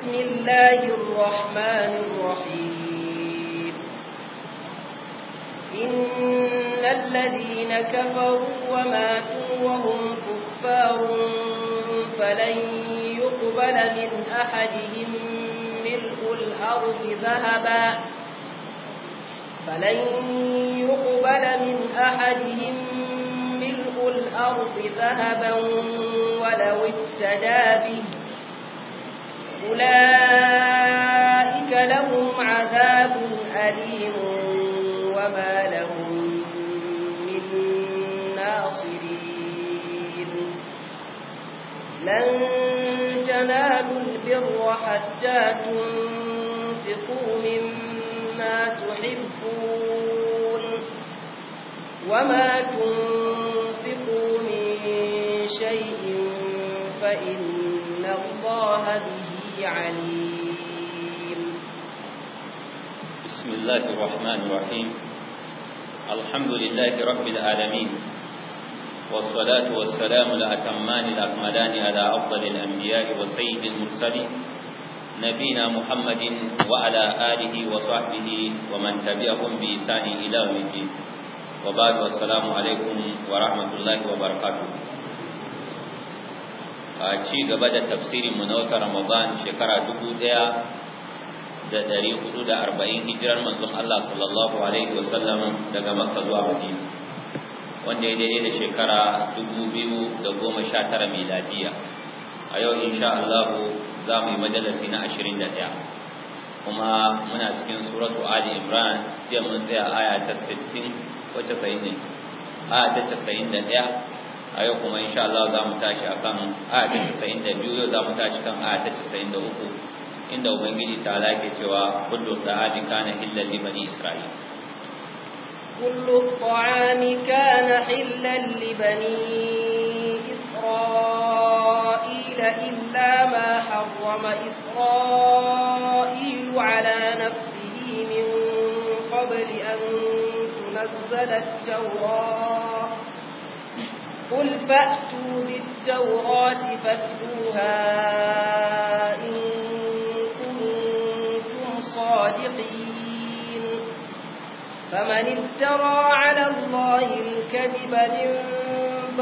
بسم الله الرحمن الرحيم إن الذين كفروا وماتوا وهم كفار فلن يقبل من أحدهم ملء الأرض ذهبا فلن يقبل من أحدهم ملء الأرض ذهبا ولو افتدى به أولئك لهم عذاب أليم وما لهم من ناصرين لن تنالوا البر حتى تنفقوا مما تحبون وما تنفقون عليم بسم الله الرحمن الرحيم الحمد لله رب العالمين والصلاة والسلام الأتمان الأكملان على أفضل الأنبياء وسيد المرسلين نبينا محمد وعلى آله وصحبه ومن تبعهم بإسان إلى يوم الدين وبعد والسلام عليكم ورحمة الله وبركاته a ci gaba da tafsirin mu na wata Ramadan shekara arba'in, hijirar manzon Allah sallallahu alaihi wasallam daga Makka zuwa Madina wanda ya daidai da shekara tara miladiya a yau insha Allah za mu yi majalisi na ashirin da ɗaya, kuma muna cikin suratu Ali Imran jiya mun tsaya aya ta wacce sayin ne aya ta 91 a yau kuma insha Allah za mu tashi akan aya da biyu yau za mu tashi kan aya da uku inda ubangiji ta lake cewa da ta'ami kana illa li bani isra'il kullu ta'ami kana illa li bani isra'il illa ma harrama isra'il ala nafsihi min qabli an tunzala قل فأتوا بالتوراة فاتلوها إن كنتم صادقين فمن افترى على الله الكذب من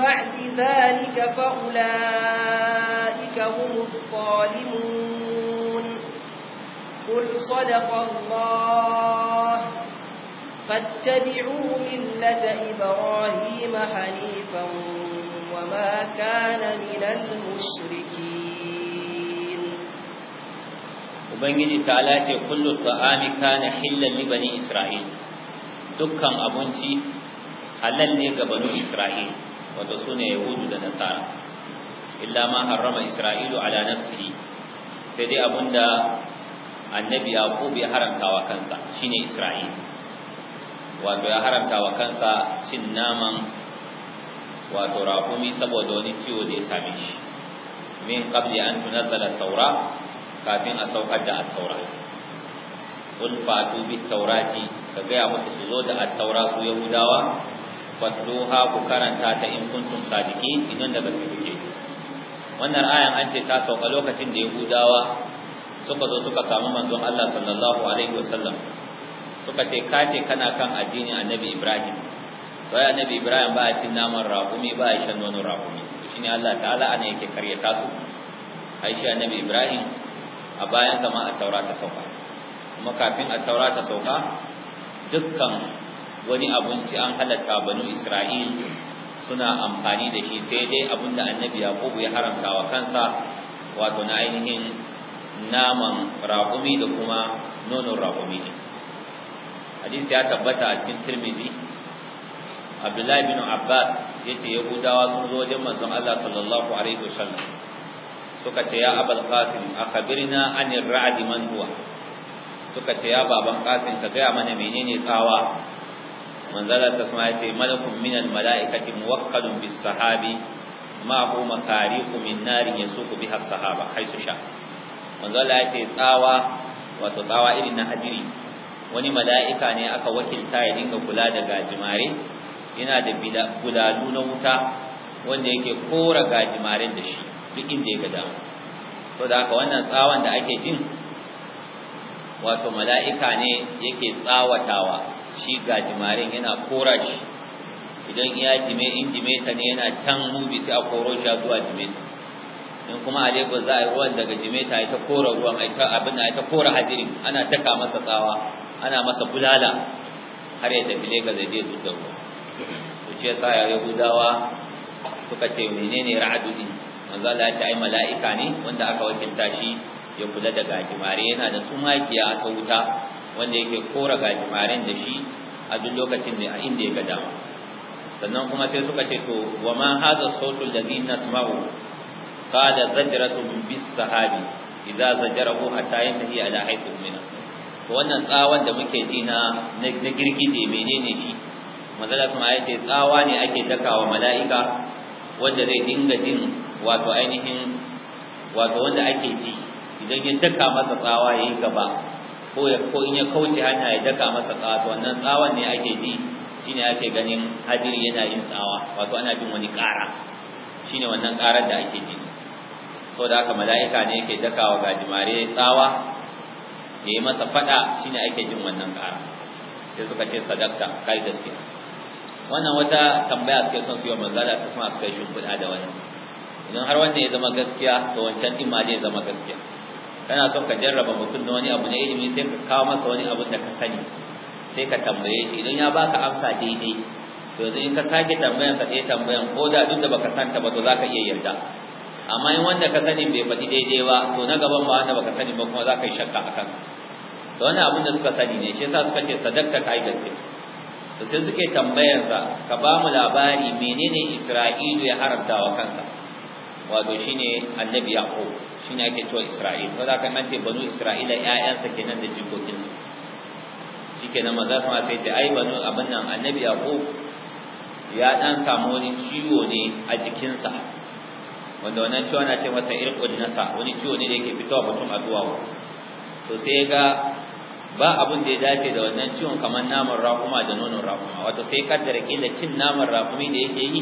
بعد ذلك فأولئك هم الظالمون قل صدق الله فاتبعوا ملة إبراهيم حنيفا وما كان من المشركين وبنجي تعالى كل الطعام كان حلا لبني إسرائيل Dukkan abinci حلال ne ga banu Isra'il wato sune Yahudu da Nasara illa ma harrama Isra'ilu ala nafsihi sai dai abunda annabi Yaqub ya haramta wa kansa shine Isra'il wato ya haramta wa kansa cin naman wato raƙumi saboda wani ciwo da ya same shi min qabli an tunazzala taura kafin a saukar da at-taura qul fatu bi taurati ka gaya musu su zo da at-taura su yahudawa fatluha ku karanta ta in kuntum sadiki idan da basu kike wannan ayan an ce ta sauka lokacin da yahudawa suka zo suka samu manzon Allah sallallahu alaihi wasallam suka ce ka ce kana kan addinin annabi ibrahim sai annabi ibrahim ba ya cin naman raƙumi ba ya shan nonon raƙumi ne Allah ta'ala ana yake karyata su aisha annabi ibrahim a bayan zama a taura ta sauka kuma kafin a taura ta sauka dukkan wani abinci an halatta banu isra'il suna amfani da shi sai dai abin da annabi yaqubu ya haramta wa kansa wato na ainihin naman raƙumi da kuma nonon raƙumi ne hadisi ya tabbata a cikin tirmidhi abdullahi bin abbas ya ce yahudawa sun zo wajen manzon allah sallallahu alaihi wasallam suka ce ya abal qasim akhbirna anir ra'd man huwa suka ce ya baban qasim ka gaya mana menene tsawa manzala ta sama ya ce malakun minal mala'ikati muwakkalun bis sahabi ma hu makariqu min narin yasuku biha sahaba haisu sha manzala ya ce tsawa wato tsawa irin na hadiri wani mala'ika ne aka wakilta ya dinga kula da gajimare yana da gudalu na wuta wanda yake kora gajimaren da shi duk inda ya ga to da haka wannan tsawon da ake jin wato mala'ika ne yake tsawatawa shi gajimaren yana kora shi idan iya jime in jime ta ne yana can mubi sai a koro shi zuwa jime in kuma a Lagos za a yi ruwan daga Jimeta ya ta kora ruwan abin da abin ta kora hadiri ana taka masa tsawa ana masa bulala har ya tafi Lagos zai zo da ruwa to ce yasa ya Yahudawa suka ce menene ne din manzo Allah ya ce mala'ika ne wanda aka wakilta shi ya kula da gajimare yana da sumakiya ta wuta wanda yake kora gajimaren da shi a duk lokacin da inda ya ga dama sannan kuma sai suka ce to wa ma hadha sautul ladhi nasma'u qala zajratun bis sahabi idza zajarahu hatta yantahi ala haythu mina to wannan tsawon da muke ji na na girgije menene shi manzala sun ya ce tsawa ne ake dakawa mala'ika wanda zai dinga jin wato ainihin wato wanda ake ji idan ya daka masa tsawa yayi gaba ko ya ko in ya kauce hanya ya daka masa tsawa to wannan tsawon ne ake ji shine ake ganin hadiri yana yin tsawa wato ana jin wani ƙara shine wannan ƙarar da ake ji so da haka mala'ika ne yake dakawa gajimare tsawa ya yi masa fada shine ake jin wannan ƙara sai suka ce sadakta kai gaskiya wannan wata tambaya suke son su yi wa manzala su suna suka yi shimfiɗa da wannan idan har wanda ya zama gaskiya to wancan ɗin ma zai zama gaskiya kana son ka jarraba mutum da wani abu na ilimi sai ka kawo masa wani abu da ka sani sai ka tambaye shi idan ya baka amsa daidai to yanzu in ka sake tambayan ka ɗaya tambayan ko da duk da baka santa ba to za ka iya yarda amma in wanda ka sani bai faɗi daidai ba to na gaban ba wanda baka sani ba kuma za ka yi shakka a kansa to wannan abin da suka sani ne shi yasa suka ce sadakta kai gaske to sai suke tambayar sa ka ba mu labari menene Isra'ilu ya haramta wa kansa wato shine annabi yaqub shine ake cewa Isra'il za ka mace banu Isra'ila ƴaƴansa kenan da jikokinsa shikenan maza su ma sai ce ai banu abin nan annabi yaqub ya dan samu wani ciwo ne a jikinsa wanda wannan ciwo ana ce masa irqul nasa wani ciwo ne da yake fitowa mutum a duwawo to sai ga ba abin da ya dace da wannan ciwon kamar naman rakuma da nonon rakuma wato sai kaddara kila cin naman rakumi da yake yi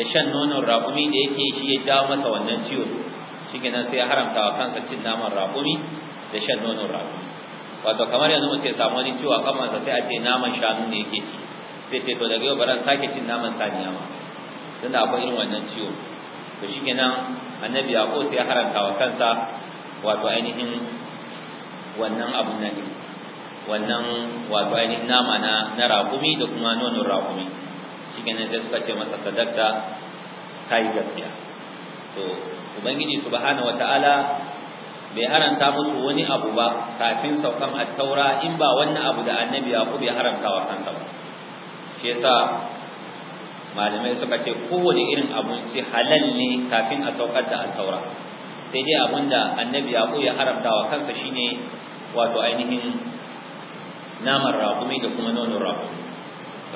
da shan nonon rakumi da yake shi ya jawo masa wannan ciwo shike nan sai ya haramta wa kansa cin naman rakumi da shan nonon rakumi wato kamar yanzu mutum ya samu wani ciwo a kafansa sai a ce naman shanu ne yake ci sai ce to daga yau ba zan sake cin naman saniya ba tunda akwai irin wannan ciwo to shikenan annabi yaqo sai ya haranta wa kansa wato ainihin wannan abun nan wannan wato ainihin nama na na raƙumi da kuma nonon raƙumi shikenan sai suka ce masa sadakta kai gaskiya to ubangiji subhanahu wataala bai haramta musu wani abu ba kafin saukan at-taura in ba wannan abu da annabi ko bai haramta wa kansa ba shi yasa malamai suka ce kowane irin abinci halal ne kafin a saukar da altaura sai dai abin da annabi ya ya haramta wa kansa shine wato ainihin naman rakumi da kuma nonon rakumi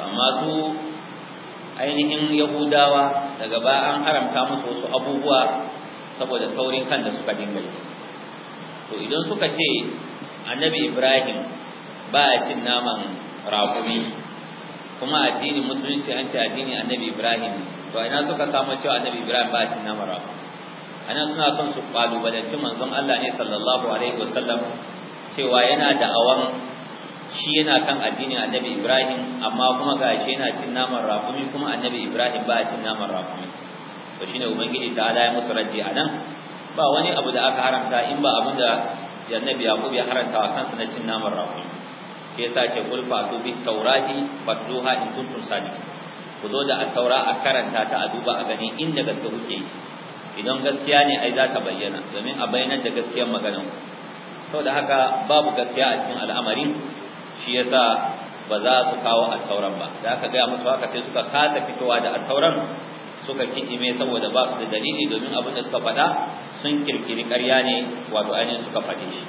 amma su ainihin yahudawa daga ba an haramta musu wasu abubuwa saboda taurin kan da suka dinga yi to idan suka ce annabi ibrahim ba a cin naman raƙumi. kuma addinin musulunci an ce addini annabi ibrahim to ina suka samu cewa annabi ibrahim ba shi namara ana suna son su cin manzon Allah ne sallallahu alaihi wasallam cewa yana da awan shi yana kan addinin annabi ibrahim amma kuma ga shi yana cin naman rafumi? kuma annabi ibrahim ba cin naman rafumi? to shine ubangiji ta ala ya musu raddi anan ba wani abu da aka haramta in ba abin da annabi yaqub ya haramta wa kansa na cin naman rafumi. ke sa ce kulfa fatu bi taurati fatluha in kuntum sadiqin ku zo da at-taura a karanta ta a duba a gani inda gaske kuke yi idan gaskiya ne ai za ta bayyana domin a bayyana da gaskiyar magana saboda haka babu gaskiya a cikin al'amari shi yasa ba za su kawo at-tauran ba da aka gaya musu haka sai suka kasa fitowa da at-tauran suka kikime saboda ba su da dalili domin abin da suka faɗa sun kirkiri ƙarya ne wato ainihin suka faɗe shi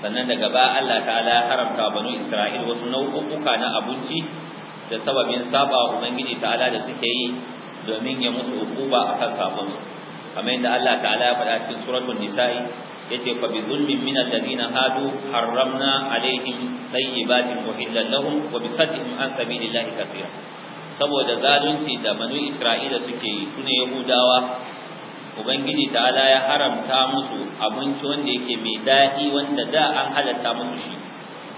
sannan daga ba Allah ta'ala ya haramta banu Isra'il wasu nau'uka na abinci da sababin saba ubangiji ta'ala da suke yi domin ya musu hukuba akan sabon su kamar yadda Allah ta'ala ya faɗa cikin suratul nisa'i yace fa bi zulmin min alladhina hadu harramna alaihim tayyibatin uhillat lahum wa bi sadhihim an sabilillahi kathira saboda zalunci da banu Isra'ila suke yi sune Yahudawa ubangiji ta'ala ya haramta musu abinci wanda yake mai daɗi wanda da an halatta musu shi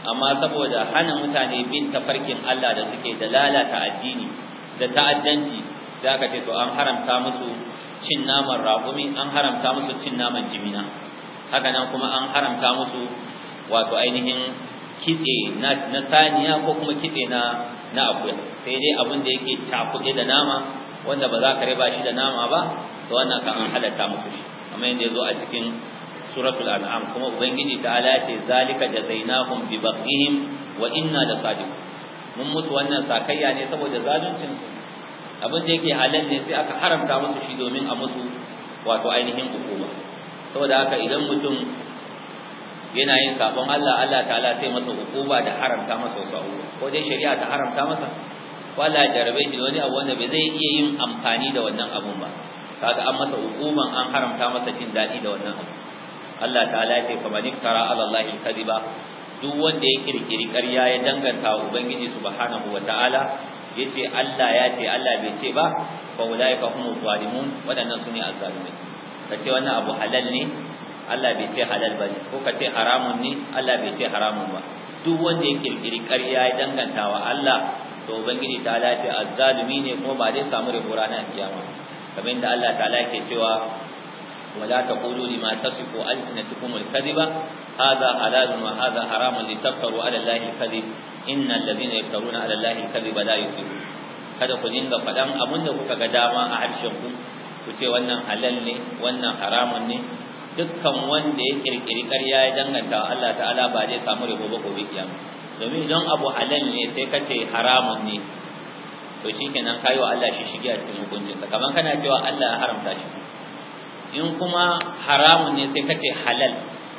amma saboda hana mutane bin tafarkin Allah da suke da lalata addini da ta'addanci zaka ce to an haramta musu cin naman raƙumi an haramta musu cin naman jimina haka nan kuma an haramta musu wato ainihin kitse na saniya ko kuma kitse na na akuya sai dai abin da yake cakuɗe da nama wanda ba za ka riba shi da nama ba to wannan kan an halatta musu shi kamar yadda yazo a cikin suratul an'am kuma ubangiji ta ala ce zalika jazainahum bi baqihim wa inna la sadiq mun musu wannan sakayya ne saboda zaluncin su abin da yake halal ne sai aka haramta musu shi domin a musu wato ainihin hukuma saboda haka idan mutum yana yin sabon Allah Allah ta'ala sai masa hukuma da haramta masa wasu ko dai shari'a ta haramta masa Wala jarabe shi wani abu wanda bai zai iya yin amfani da wannan abun ba kaga an masa hukuman an haramta masa jin daɗi da wannan abu Allah ta'ala ya ce fa man iftara ala Allah kadiba duk wanda ya kirkiri ƙarya ya danganta wa ubangiji subhanahu wataala yace Allah ya ce Allah bai ce ba fa ka humu zalimun wadannan sune azzalimai kace wannan abu halal ne Allah bai ce halal ba ne ko kace haramun ne Allah bai ce haramun ba duk wanda ya kirkiri ƙarya ya danganta wa Allah to ubangiji ta ala ce azzalimi ne kuma ba zai samu rabura na kiyama kamar yadda Allah ta ala ke cewa wa la taqulu lima tasifu alsinatukum alkadhiba hadha halal wa hadha haram li taftaru ala allahi alkadhib inna alladhina yaftaruna ala allahi alkadhiba la yuflihun kada ku dinga fadan abinda kuka ga dama a harshen ku ku ce wannan halal ne wannan haramun ne dukkan wanda ya kirkiri ƙarya ya danganta Allah ta'ala ba zai samu rabo ba gobe kiyama domin idan abu halal ne sai ka ce haramun ne to shikenan kayo Allah shi shige a cikin hukuncin sa kaman kana cewa Allah ya haramta shi in kuma haramun ne sai ka ce halal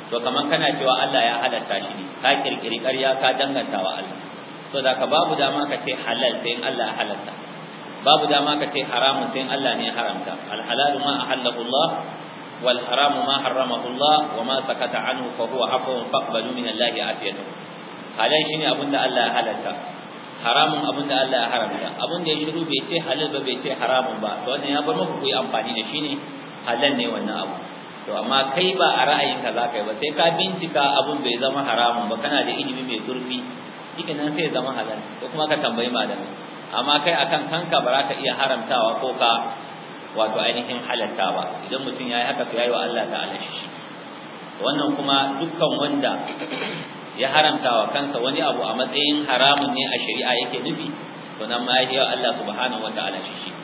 to kaman kana cewa Allah ya halatta shi ne ka kirkiri ƙarya ka danganta wa Allah so da ka babu dama ka ce halal sai Allah ya halatta babu dama ka ce haramun sai Allah ne ya haramta al halalu ma ahallahu Allah wal haramu ma harramahu Allah wa ma sakata anhu fa huwa afwun faqbalu min Allah afiyatuhu halal shine abinda Allah ya halalta haramun abinda Allah ya haramta abinda ya shiru bai ce halal ba bai ce haramun ba to wannan ya bar muku ku yi amfani da shi ne halal ne wannan abu to amma kai ba a ra'ayinka za ka yi ba sai ka bincika abun bai zama haramun ba kana da ilimi mai zurfi cikin nan sai zama halal ko kuma ka tambayi malami amma kai akan kanka ba za ka iya haramtawa ko ka wato ainihin halatta ba idan mutum yayi haka to yayi wa Allah ta'ala shi wannan kuma dukkan wanda ya haramta wa kansa wani abu a matsayin haramun ne a shari'a yake nufi to nan ma yayi wa Allah subhanahu wataala shi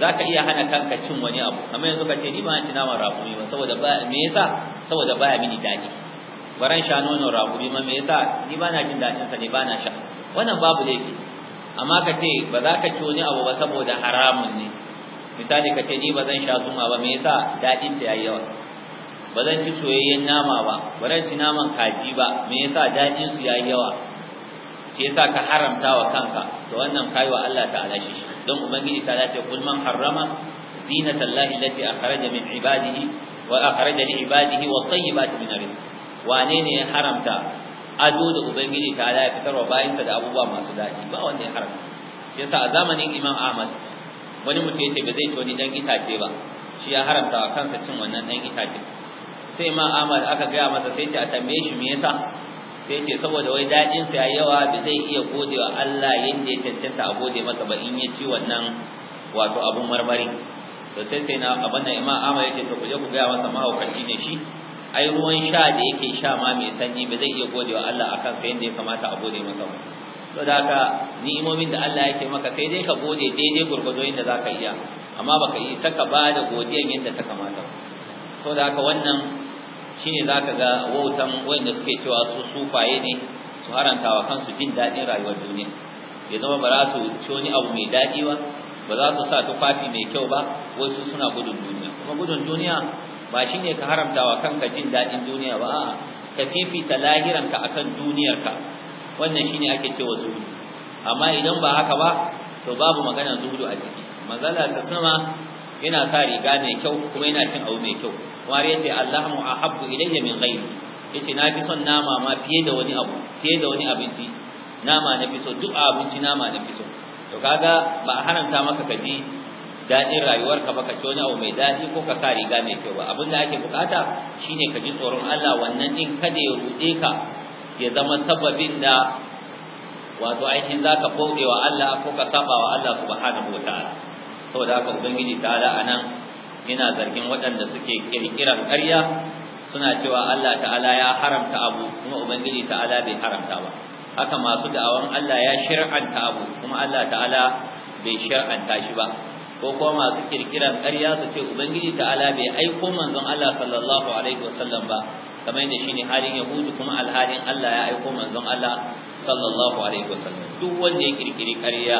zaka iya hana kanka cin wani abu kamar yanzu kace ni ba ci naman rakumi ba saboda ba me yasa saboda baya mini dadi baran sha nono rakumi ma me yasa ni ba na jin dadin sa ne ba na sha wannan babu laifi amma kace ba za ka ci wani abu ba saboda haramun ne misali ka ce ni bazan sha zuma ba me yasa dadin ta yayi yawa ba ci soyayyen nama ba ba zan ci naman kaji ba me yasa dadin su yayi yawa shi yasa ka haramta wa kanka to wannan kai wa Allah ta'ala shi don ubangiji ta ce kul man harrama zinatallahi allati akhraja min ibadihi wa akhraja li ibadihi wa tayyibati min rizq wane ne ya haramta ado da ubangiji ta ya fitar wa bayinsa da abubuwa masu daɗi ba wanda ya haramta shi yasa a zamanin Imam Ahmad wani mutum yace ba zai ci wani dan itace ba shi ya haramta wa kansa cin wannan dan itace sai ma amal aka gaya masa sai ce a tambaye shi me yasa sai ce saboda wai dadin sa yayawa yawa ba zai iya godewa Allah yanda ya tantance a gode masa ba in ya ci wannan wato abun marmari to sai sai na abin nan Imam yace yake to kuje ku gaya masa mahaukaci ne shi ai ruwan sha da yake sha ma mai sanyi ba zai iya godewa Allah akan sa yanda ya kamata a gode masa ba sadaka haka ni'imomin da Allah yake maka kai dai ka gode daidai gurgudo inda zaka iya amma baka yi saka ba da godiyan yadda ta kamata sadaka wannan shine zaka ga wautan wanda suke cewa su sufaye ne su haranta wa kansu jin daɗin rayuwar duniya ya zama ba za su ci ni abu mai daɗi ba ba za su sa tufafi mai kyau ba wai su suna gudun duniya kuma gudun duniya ba shine ka haramtawa wa kanka jin daɗin duniya ba a'a ka fifita lahiranka akan duniyarka wannan shine ake cewa zuhudu amma idan ba haka ba to babu magana zuhudu a ciki mazala ta sama yana sa riga mai kyau kuma yana cin abu mai kyau kuma yace Allahu ahabbu ilayya min ghayri yace na fi son nama ma fiye da wani abu fiye da wani abinci nama na fi so duk abinci nama na fi so to kaga ba haramta maka kaji daɗin rayuwarka ba ka ci wani abu mai daɗi ko ka sa riga mai kyau ba abin da ake bukata shine ka ji tsoron Allah wannan din kada ya ruɗe ka ya zama sababin da wato za ka bauɗe wa Allah ko ka saba wa Allah subhanahu wataala saboda haka ubangiji ta'ala anan yana zargin waɗanda suke ƙirƙiran ƙarya suna cewa Allah ta'ala ya haramta abu kuma ubangiji ta'ala bai haramta ba haka masu da'awan Allah ya shir'anta abu kuma Allah ta'ala bai shir'anta shi ba ko kuma masu ƙirƙiran ƙarya su ce ubangiji ta'ala bai aiko manzon Allah sallallahu alaihi wasallam ba kamar yadda shine halin yahudu kuma alhalin Allah ya aiko manzon Allah sallallahu alaihi wasallam duk wanda ya kirkiri ƙarya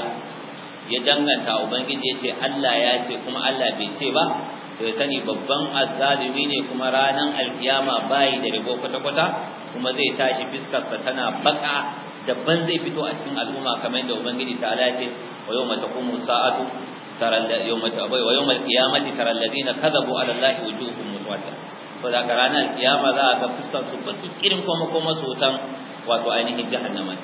ya danganta ubangiji ya ce Allah ya ce kuma Allah bai ce ba to ya sani babban azzalumi ne kuma ranar alkiyama bayi da ribo kwata-kwata kuma zai tashi fiskarsa tana baka daban zai fito a cikin al'umma kamar yadda ubangiji ta alace wa yau mata kuma sa'atu wa yau mata qiyamati taral kadhabu ala allahi wujuhum muswadda to da ka ranar kiyama za a ga fuskar su baki kirin kuma kuma su wutan wato ainihin jahannama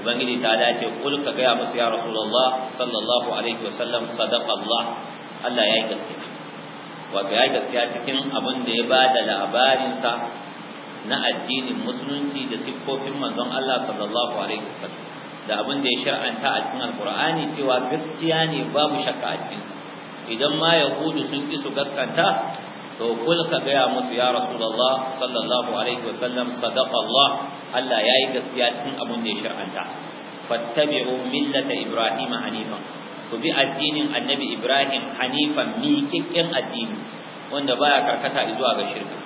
ubangiji ta dace kul ka ga musu ya rasulullah sallallahu alaihi wa sallam, sadaqa allah Allah ya yi gaskiya wato ya yi gaskiya cikin abin da ya bada labarin sa na addinin musulunci da siffofin manzon Allah sallallahu alaihi wasallam da abin da ya shar'anta a cikin alqur'ani cewa gaskiya ne babu shakka a cikin idan ma yahudu sun ki su gaskanta to kul ka gaya musu ya rasulullah sallallahu alaihi wasallam sadaqa Allah Allah yayi gaskiya cikin abun da ya shar'anta fattabi'u millata ibrahima hanifan ku bi addinin annabi ibrahim hanifan miƙiƙin addini wanda baya karkata zuwa ga shirka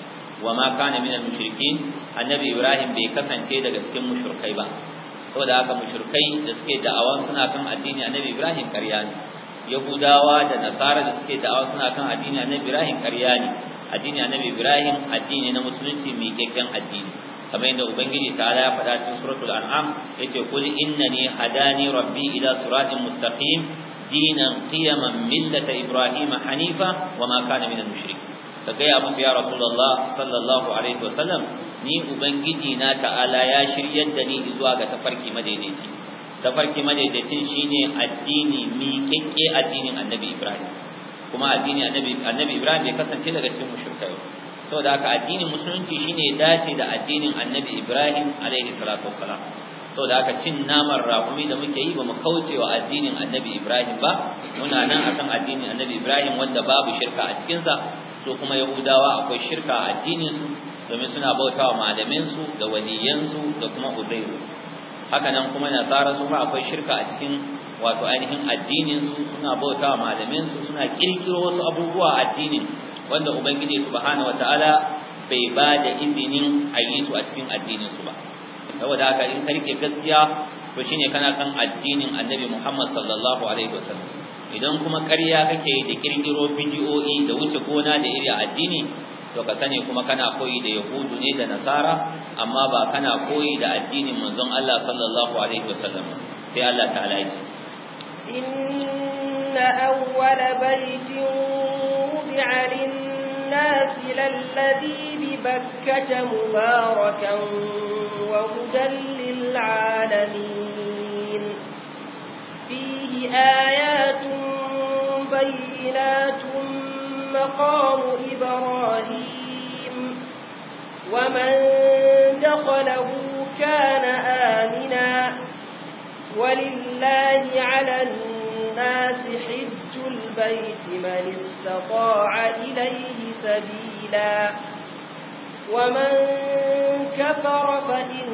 wa ma kana minal mushrikin annabi ibrahim bai kasance daga cikin mushrikai ba saboda haka mushrikai da suke da'awan suna kan addini annabi ibrahim ƙarya ne yahudawa da nasara da suke da'awa suna kan addini na ibrahim ƙarya ne addini na ibrahim addini na musulunci mai kyakkyan addini kamar yadda ubangiji ta ya faɗa cikin suratul an'am yace inna ni hadani rabbi ila siratin mustaqim dinan qiyaman millata ibrahim hanifa wa ma kana ka gaya musu ya rasulullah sallallahu alaihi ni ubangiji na ta'ala ya shiryar da ni zuwa ga tafarki madaidaici tafarki madaidaicin shine addini miƙaƙƙe addinin annabi ibrahim kuma addini annabi annabi ibrahim bai kasance daga cikin mushrikai saboda haka addinin musulunci shine dace da addinin annabi ibrahim alaihi salatu wassalam saboda haka cin naman raƙumi da muke yi ba mu kauce wa addinin annabi ibrahim ba muna nan akan addinin annabi ibrahim wanda babu shirka a cikinsa to kuma yahudawa akwai shirka a addinin su domin suna bautawa malaminsu da waliyansu da kuma uzairu haka nan kuma nasara su ma akwai shirka a cikin wato ainihin addinin su suna bauta wa malamin su suna kirkiro wasu abubuwa addinin wanda ubangiji subhanahu wataala bai ba da izinin a yi su a cikin addinin su ba saboda haka in karke gaskiya to shine kana kan addinin annabi Muhammad sallallahu alaihi wasallam idan kuma ƙarya kake da kirkiro bidiyoyi da wuce gona da iri addini to ka sani kuma kana koyi da yahudu ne da nasara amma ba kana koyi da addinin manzon Allah sallallahu alaihi wasallam sai Allah ta'ala ya ce inna awwala baytin الناس للذي ببكة مباركا وهدى للعالمين فيه آيات بينات مقام إبراهيم ومن دخله كان آمنا ولله على الناس للناس حج البيت من استطاع إليه سبيلا ومن كفر فإن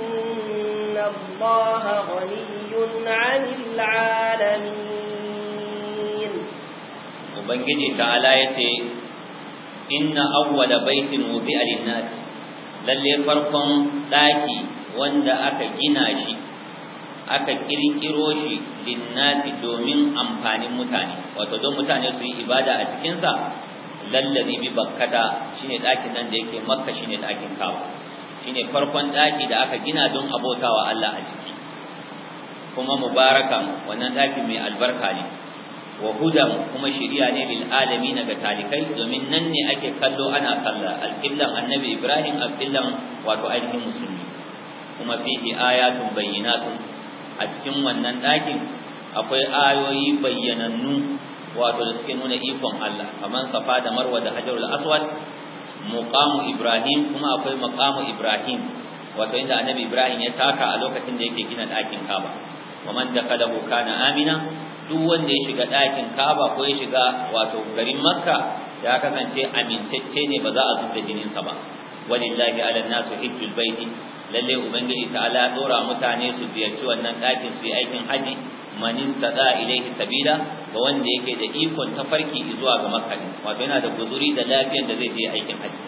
الله غني عن العالمين وبنجي تعالى يتي إن أول بيت وضع للناس للي فرقم ذاكي وند أكا جناشي aka kirkiro shi linnati domin amfanin mutane wato don mutane su yi ibada a cikinsa lallazi bi bakkata shine ɗakin nan da yake makka shine ɗakin kawo shine farkon ɗaki da aka gina don abotawa Allah a ciki kuma mubarakan wannan ɗaki mai albarka ne wa hudan kuma shirya ne lil alamin ga talikai domin nan ne ake kallo ana sallah alqiblan annabi ibrahim alqiblan wato ainihin musulmi kuma fihi ayatun bayyinatun a cikin wannan ɗakin akwai ayoyi bayyanannu wato da suke nuna ikon Allah kamar safa da marwa da hajarul aswad muqamu ibrahim kuma akwai maqamu ibrahim wato inda annabi ibrahim ya taka a lokacin da yake gina ɗakin kaba wa man dakalahu kana amina duk wanda ya shiga ɗakin kaba ko ya shiga wato garin makka ya kasance amincacce ne ba za a zubda jininsa ba walillahi ala nasu hijjul baiti lalle ubangiji ta'ala dora mutane su ziyarci wannan dakin su yi aikin haji man istada ilayhi sabila ga wanda yake da ikon tafarki zuwa ga makka wato yana da guzuri da lafiyar da zai je aikin haji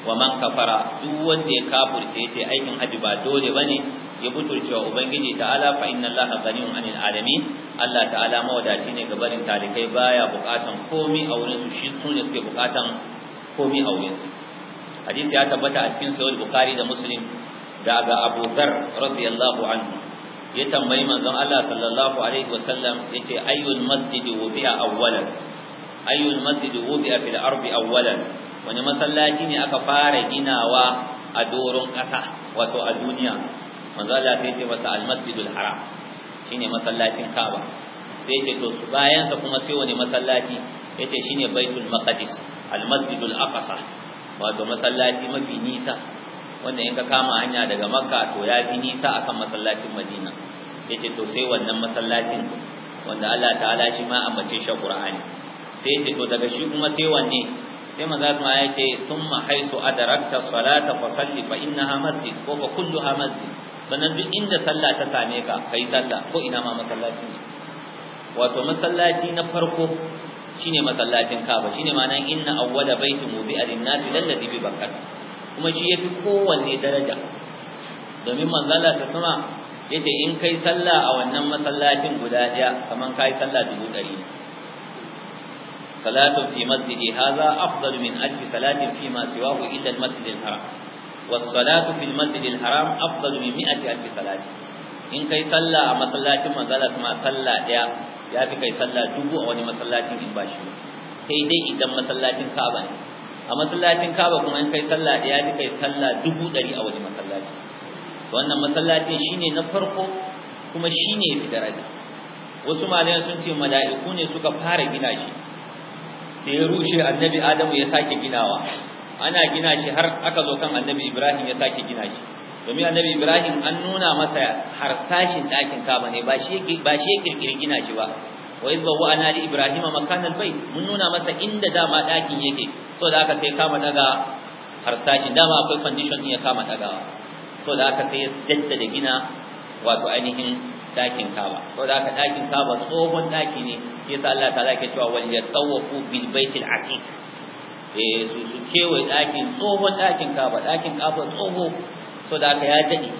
wa man kafara duk wanda ya sai yace aikin haji ba dole bane ya buturce wa ubangiji ala fa inna allaha ghaniyun 'anil alamin Allah ta'ala mawadaci ne ga barin talikai baya bukatan komi a wurin su shi sune suke bukatan komi a wurin su hadisi ya tabbata a cikin sahih bukhari da muslim daga abu dhar radiyallahu anhu ya tambayi manzon Allah sallallahu alaihi wasallam yace ayyul masjid wudi'a awwalan ayyul masjid wudi'a fil ardi awwalan wani masallaci ne aka fara ginawa a doron ƙasa wato a duniya manzo Allah sai ce masa al masjidul haram shine masallacin Kaaba sai ce to bayan sa kuma sai wani masallaci yace shine baitul maqdis al masjidul aqsa wato masallaci mafi nisa wanda in ka kama hanya daga makka to ya fi nisa akan masallacin madina yace to sai wannan masallacin wanda Allah ta'ala shi ma ambace shi Qur'ani sai yace to daga shi kuma sai wanne sai manzo kuma yace thumma haisu adarakta salata fa salli fa innaha masjid ko fa kulluha masjid sannan duk inda sallah ta same ka kai sallah ko ina ma masallaci ne wato masallaci na farko shine masallacin Kaaba shine ma'anan inna awwala baitin wubi'a lin-nasi lalladhi bi Bakkah kuma shi yafi kowanne daraja domin manzala sa sama yace in kai sallah a wannan masallacin guda daya kaman kai sallah dubu dari salatu fi masjidi hadha afdalu min alfi salatin fi ma siwahu illa al-masjid al-haram was-salatu fi al-masjid al-haram afdalu min mi'ati alfi salatin in kai sallah a masallacin manzala sama sallah daya ya fi kai sallah dubu a wani masallacin in ba shi sai dai idan masallacin Ka'aba ne a masallacin Ka'aba kuma in kai sallah ya fi kai sallah dubu ɗari a wani masallaci wannan masallacin shine na farko kuma shine ya fi daraja wasu malayan sun ce mala'iku ne suka fara gina shi da ya rushe annabi Adamu ya sake ginawa ana gina shi har aka zo kan annabi Ibrahim ya sake gina shi domin annabi ibrahim an nuna masa harsashin ɗakin kaba ne ba shi ba shi kirkiri gina shi ba wai izba wa ana li ibrahima makan albayt mun nuna masa inda dama ɗakin yake so da aka sai kama daga harsashin dama akwai condition ya kama dagawa so da aka sai jaddada gina wato ainihin ɗakin kaba so da aka ɗakin kaba tsohon ɗaki ne yasa Allah ta'ala ke cewa wal yatawafu bil baitil atiq eh su su kewaye ɗakin tsohon ɗakin kaba ɗakin kaba tsoho so da aka ya dade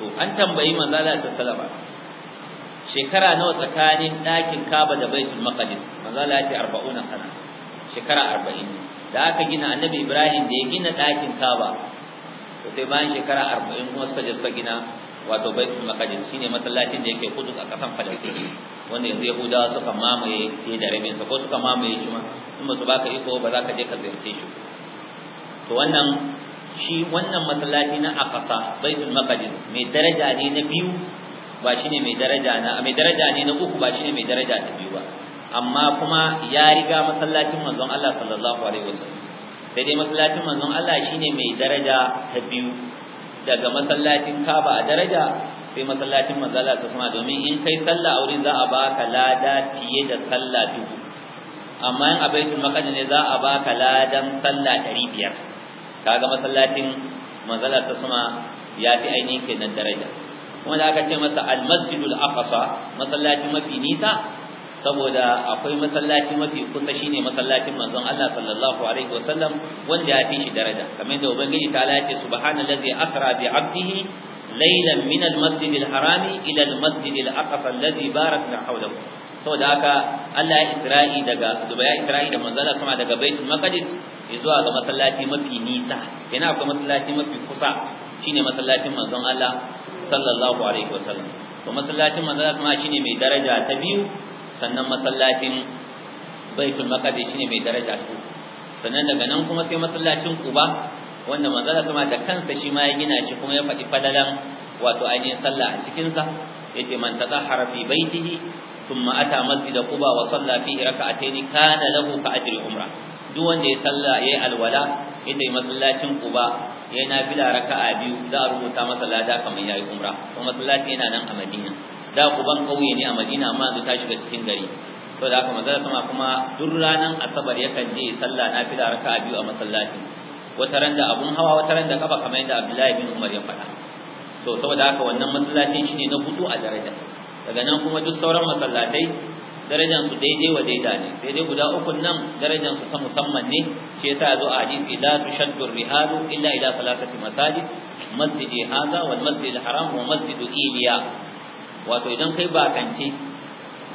to an tambayi manzo Allah sallallahu alaihi shekara nawa tsakanin ɗakin Kaaba da Baitul Maqdis manzo Allah ya ce 40 sana shekara 40 da aka gina Annabi Ibrahim da ya gina ɗakin Kaaba to sai bayan shekara 40 kuma suka je suka gina wato Baitul Maqdis shine masallacin da yake kudu a kasan Palestine wanda yanzu Yahudawa suka mamaye fiye da rabin sa ko suka mamaye shi ma kuma ba su baka iko ba za ka je ka ziyarce shi to wannan shi wannan masallaci na Aqsa Baitul Maqdis mai daraja ne na biyu ba shine mai daraja na mai daraja ne na uku ba shine mai daraja na biyu ba amma kuma ya riga masallacin manzon Allah sallallahu alaihi wasallam sai dai masallacin manzon Allah shine mai daraja ta biyu daga masallacin Kaaba a daraja sai masallacin manzon Allah sallallahu domin in kai sallah wurin za a baka lada fiye da sallah dubu amma in a baitul maqdis ne za a baka ladan sallah 500 kaga masallacin manzala ta sama ya fi ainihin kenan daraja kuma da aka ce masa almasjidul aqsa masallaci mafi nisa saboda akwai masallaci mafi kusa shine masallacin manzon Allah sallallahu alaihi wasallam wanda ya fi shi daraja kamar da ubangiji ta Allah ya ce subhanallazi asra bi 'abdihi laylan min almasjidil harami ila almasjidil aqsa alladhi barakna hawlahu saboda haka Allah ya isra'i daga zuba ya isra'i da manzala sama daga baitul maqdis zuwa ga masallaci mafi nisa yana akwai masallaci mafi kusa shine masallacin manzon Allah sallallahu alaihi wasallam to masallacin manzala sama shine mai daraja ta biyu sannan masallacin baitul maqdis shine mai daraja ta sannan daga nan kuma sai masallacin Quba wanda manzala sama da kansa shi ma ya gina shi kuma ya faɗi fadalan wato ainihin sallah a cikin sa yace man tazahara fi baitihi ثم أتى مسجد قبى وصلى فيه ركعتين كان له كأجر عمرة دون دي صلى يا الولا إن دي مسلاتين قبى ينا بلا ركعة بيو دار متى مسلا دا كما يا عمره ومسلاتين أنا نم أمدينة دا قبى قوي ني أمدينة ما نتاش بسكين غري to da كما ذا سما كما duk ranan asabar yakan je sallah nafila raka'a biyu a masallaci wata ran da abun hawa wata ran da kafa kamar yadda so saboda haka wannan masallacin shine na hudu a daraja daga nan kuma duk sauran masallatai darajar su daidai wa daida ne sai dai guda uku nan darajar su ta musamman ne shi yasa zo a hadisi la tushaddu rihalu illa ila salatati masajid masjidi hadha wal masjid haram wa masjidu iliya wato idan kai bakance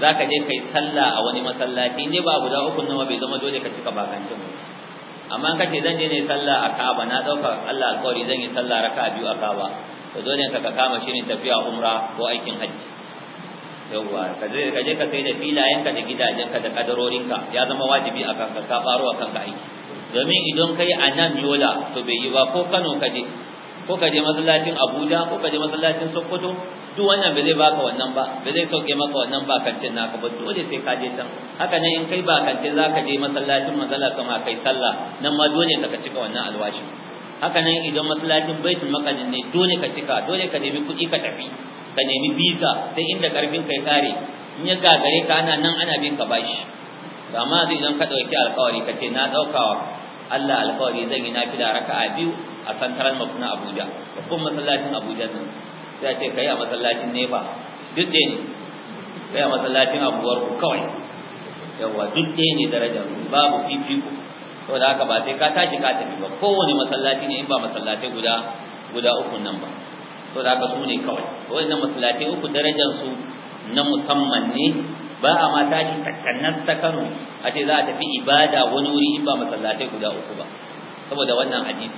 zaka je kai sallah a wani masallaci ne ba guda uku nan bai zama dole ka cika ba amma kace zan je ne sallah a Ka'aba na dauka Allah alƙawari zan yi sallah raka'a biyu a Ka'aba to dole ka kama shi ne tafiya umra ko aikin hajji yawa ka je ka je ka sai da filayenka da gidajenka da kadarorinka ya zama wajibi a kanka ka faro a kanka aiki domin idan kai a nan yola to bai yi ba ko Kano ka je ko ka je masallacin Abuja ko ka je masallacin Sokoto duk wannan bai zai baka wannan ba bai zai sauke maka wannan ba na, naka ba dole sai ka je can haka nan in kai ba kance zaka je masallacin manzala sama kai sallah nan ma dole ka cika wannan alwashi haka nan idan masallacin baitul maqdis ne dole ka cika dole ka nemi kuɗi ka tafi ka nemi visa sai inda karfin kai kare in ya gagare ka ana nan ana bin ka bashi amma zai idan ka dauki alƙawari ka ce na daukawa Allah alƙawari zan yi nafila raka'a biyu a santaran masu na Abuja babban masallacin Abuja nan sai ce kai a masallacin Nefa duk ɗaya ne kai a masallacin abuwar ku kawai yawa duk ɗaya ne darajar su babu fifiko saboda haka ba sai ka tashi ka tafi ba kowane masallaci ne in ba masallatai guda guda uku nan ba to da ka su ne kawai wannan masallatai uku darajar su na musamman ne ba a ma tashi takkannan ta Kano a ce za a tafi ibada wani wuri in ba masallatai guda uku ba saboda wannan hadisi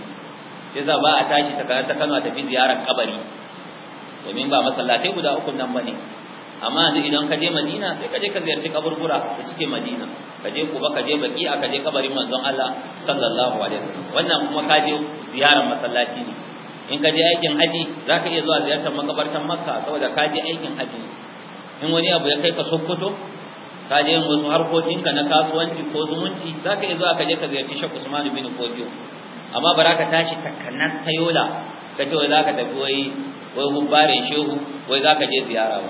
za ba a tashi takkannan ta Kano a tafi ziyarar kabari domin ba masallatai guda uku nan bane amma yanzu idan ka je Madina sai ka je ka ziyarci kaburbura da suke Madina ka je kuma ka je a ka je kabarin manzon Allah sallallahu alaihi wasallam wannan kuma ka je ziyarar masallaci ne in ka je aikin haji za ka iya zuwa ziyartar makabartar makka saboda ka je aikin haji in wani abu ya kai ka sokoto ka je yin wasu harkokinka na kasuwanci ko zumunci za ka iya zuwa ka je ka ziyarci shek usmanu bin kodiyo amma ba za ka tashi takanan yola ka ce wai za ka tafi wai wai gubbarin shehu wai za ka je ziyara ba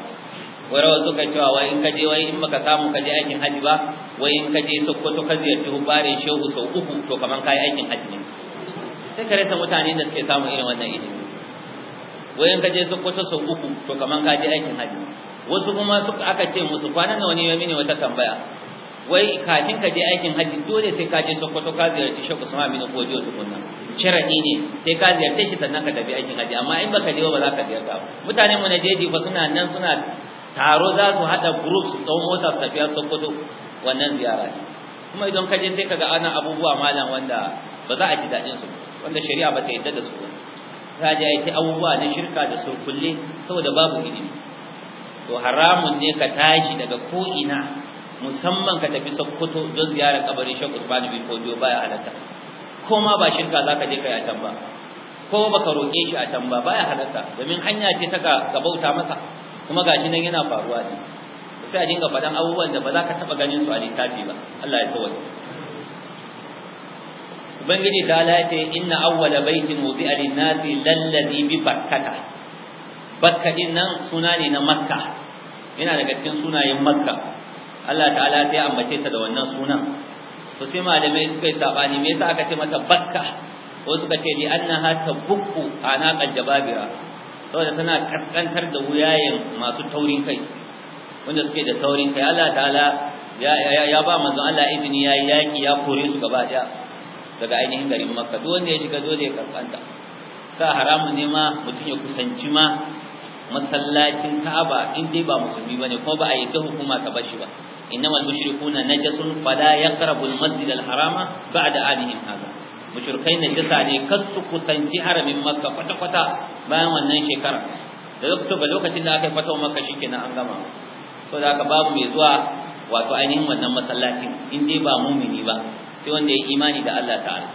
wai rawar suka cewa wai in ka je wai in baka samu ka je aikin haji ba wai in ka je sokoto ka ziyarci gubbarin shehu sau uku to kamar ka yi aikin haji ne sai ka rasa mutane da suke samun irin wannan ilimi wayan ka je sokoto sau uku to kaman ka je aikin haji wasu kuma suka aka ce musu kwanan nawa ne wata tambaya wai kafin ka je aikin haji dole sai ka je sokoto ka ziyarci shekku sama mini ko jiya tukunna sharadi ne sai ka ziyarce shi sannan ka tafi aikin haji amma in baka je ba za ka ziyarta ba mutane mu na jeji ba suna nan suna taro za su hada group su tsawon mota su tafiya sokoto wannan ziyara kuma idan ka je sai kaga ana abubuwa malam wanda ba za a ji dadin su wanda shari'a ba ta yadda da su ta ji ai abubuwa na shirka da su kulle saboda babu ilimi to haramun ne ka tashi daga ko'ina ina musamman ka tafi Sokoto don ziyarar kabarin Sheikh Usman bin Fodio baya halatta ko ma ba shirka za ka je kai a ko ba ko roke shi a can ba baya halatta domin hanya ce ta ka bauta masa kuma gashi nan yana faruwa ne sai a dinga faɗan abubuwan da ba za ka taɓa ganin su a littafi ba Allah ya sauke ubangiji ta lace inna awwala baitin wudi'a lin-nasi lallazi bi bakkata bakka din nan suna ne na makka yana daga cikin sunayen makka Allah ta'ala sai ambace ta da wannan sunan to sai malamai suka yi sabani me yasa aka ce mata bakka ko suka ce li annaha tabukku anaqal jababira saboda tana kaskantar da wuyayen masu taurin kai wanda suke da taurin kai Allah ta'ala ya ya ba manzon Allah izini yayi yaki ya kore su gaba daya daga ainihin garin makka duk wanda ya shiga dole ya karɓanta, sa haramun ne ma mutum ya kusanci ma masallacin Ka'aba in dai ba musulmi bane ko ba a yadda hukuma ta bashi ba al mushrikuna najasun fala yaqrabu al-masjid al-harama ba'da anihim hada mushrikai najasa ne kar su kusanci haramin makka kwata kwata bayan wannan shekara da lokacin da aka yi fatawa makka shikenan an gama saboda da haka babu mai zuwa wato ainihin wannan masallacin in dai ba mumini ba sai wanda ya imani da Allah ta'ala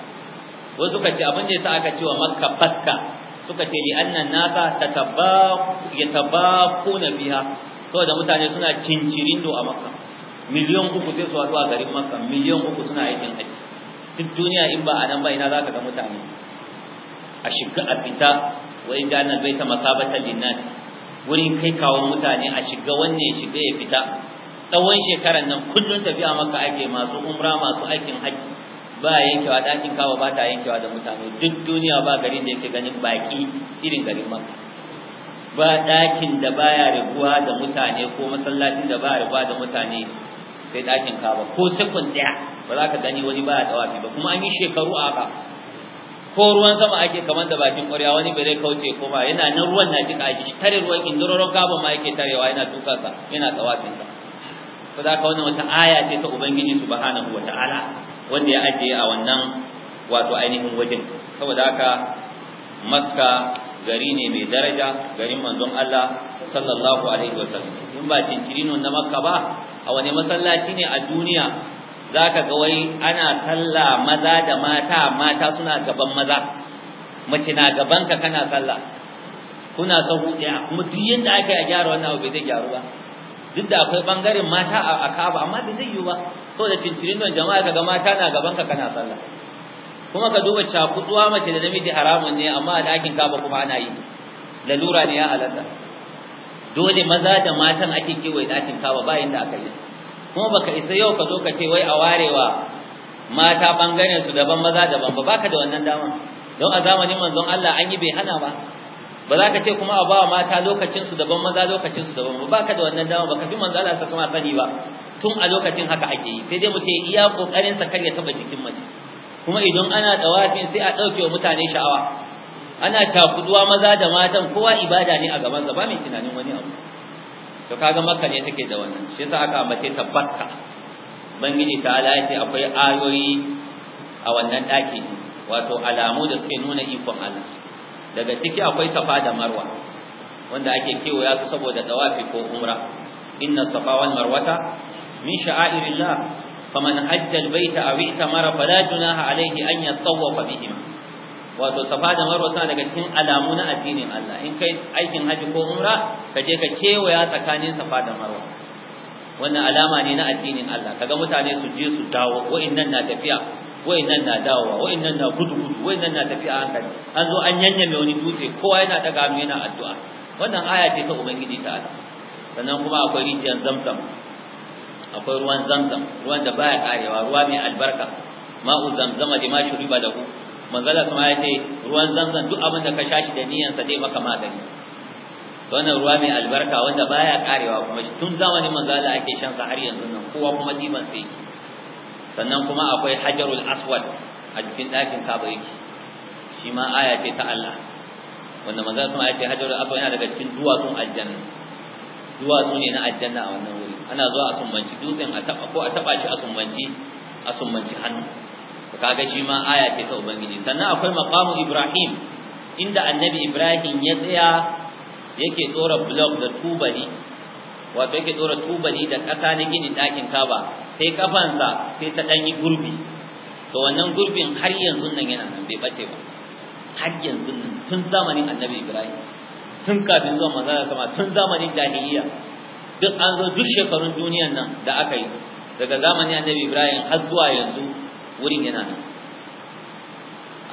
wasu suka ce abin da ya sa aka ce wa makka fatka suka ce li'anna nasa tatabaqu yatabaquna biha saboda mutane suna cincirindo a makka miliyan uku sai su wato a garin makka miliyan uku suna aikin haji duk duniya in ba a nan ba ina ka ga mutane a shiga a fita wa inda jana baita masabatan linnas wurin kai kawo mutane a shiga wannan shiga ya fita tsawon shekaran nan kullun tafiya maka ake masu umra masu aikin haji ba yankewa ɗakin kawo ba ta yankewa da mutane duk duniya ba garin da yake ganin baki irin garin maka ba ɗakin da baya rubuwa da mutane ko masallacin da baya rubuwa da mutane sai ɗakin kawo ko sekund ɗaya ba za ka gani wani baya tsawafi ba kuma an yi shekaru a ba ko ruwan sama ake kamar da bakin ƙwarya wani bai zai kauce ko ba yana nan ruwan na jiƙa ake tare ruwan indororon kaba ma yake tarewa yana tukarsa yana tawafinsa ko za ka wannan wata aya ce ta ubangiji subhanahu wa ta'ala wanda ya ajiye a wannan wato ainihin wajen saboda haka makka gari ne mai daraja garin manzon Allah sallallahu alaihi wasallam in ba cincirino na makka ba a wani masallaci ne a duniya zaka ga wai ana sallah maza da mata mata suna gaban maza mace na gaban ka kana sallah kuna sahu ya kuma duk yanda ake a gyara wannan abu bai gyaru ba duk da akwai bangaren mata a Ka'aba amma bai zai yi ba saboda cincirin don jama'a kaga mata na gaban ka kana sallah kuma ka duba cakuduwa mace da namiji haramun ne amma a ɗakin Ka'aba kuma ana yi lalura ne ya halatta dole maza da matan ake kewaye ɗakin Ka'aba ba yanda aka yi kuma baka isa yau ka zo ka ce wai a warewa mata bangaren su daban maza daban ba baka da wannan dama don a zamanin manzon Allah an yi bai hana ba ba za ka ce kuma a bawa mata lokacinsu daban maza lokacinsu daban ba ka da wannan dama ba ka fi manzo Allah sallallahu alaihi ba tun a lokacin haka ake yi sai dai mu ce iya kokarin sa karya taba jikin mace kuma idan ana tawafin sai a ɗauke wa mutane sha'awa ana takuduwa maza da matan kowa ibada ne a gaban sa ba mai tunanin wani abu to kaga makka ne take da wannan shi yasa aka ambace bakka bangiji ta Allah yace akwai ayoyi a wannan daki wato alamu da suke nuna ikon Allah daga ciki akwai safa da marwa wanda ake kewaya su saboda tawafi ko umra inna safa wal marwata min sha'airillah faman hajja albayta aw i'tamara fala junaha alayhi an yatawwafa bihima wato safa da marwa suna daga cikin alamu na addinin Allah in kai aikin haji ko umra ka je ka kewaya tsakanin safa da marwa wannan alama ne na addinin Allah kaga mutane su je su dawo wa'annan na tafiya wa'annan na dawowa wa'annan na gudu gudu wa'annan na tafiya hankali an zo an yanyame wani dutse kowa yana daga mu yana addu'a wannan aya ce ta ubangiji ta Allah sannan kuma akwai rijiyar zamzam akwai ruwan zamzam ruwan da baya karewa ruwa mai albarka ma'u zamzama da ma shuriba ku manzala kuma ya ce ruwan zamzam duk abin da ka sha da da sa dai maka magani wannan ruwa mai albarka wanda baya karewa kuma tun zamanin manzo Allah ake shan sa har yanzu nan kowa kuma diban sai yake sannan kuma akwai hajarul aswad a cikin ɗakin kaba yake shi ma aya ce ta Allah wanda manzo sun aya ce hajarul aswad yana daga cikin duwatsun aljanna duwatsu ne na aljanna a wannan wuri ana zuwa a sumbanci dutsen a taba ko a taba shi a sumbanci a sumbanci hannu kaga shi ma aya ce ta ubangiji sannan akwai maqamu ibrahim inda annabi ibrahim ya tsaya yake dora block da tubali wato yake dora tubali da kasa na ginin ɗakin kaba sai kafansa sai ta ɗanyi gurbi to wannan gurbin har yanzu nan yana nan bai bace ba har yanzu nan tun zamanin annabi ibrahim tun kafin zuwa manzara sama tun zamanin jahiliya duk an zo duk shekarun duniyan nan da aka yi daga zamanin annabi ibrahim har zuwa yanzu wurin yana nan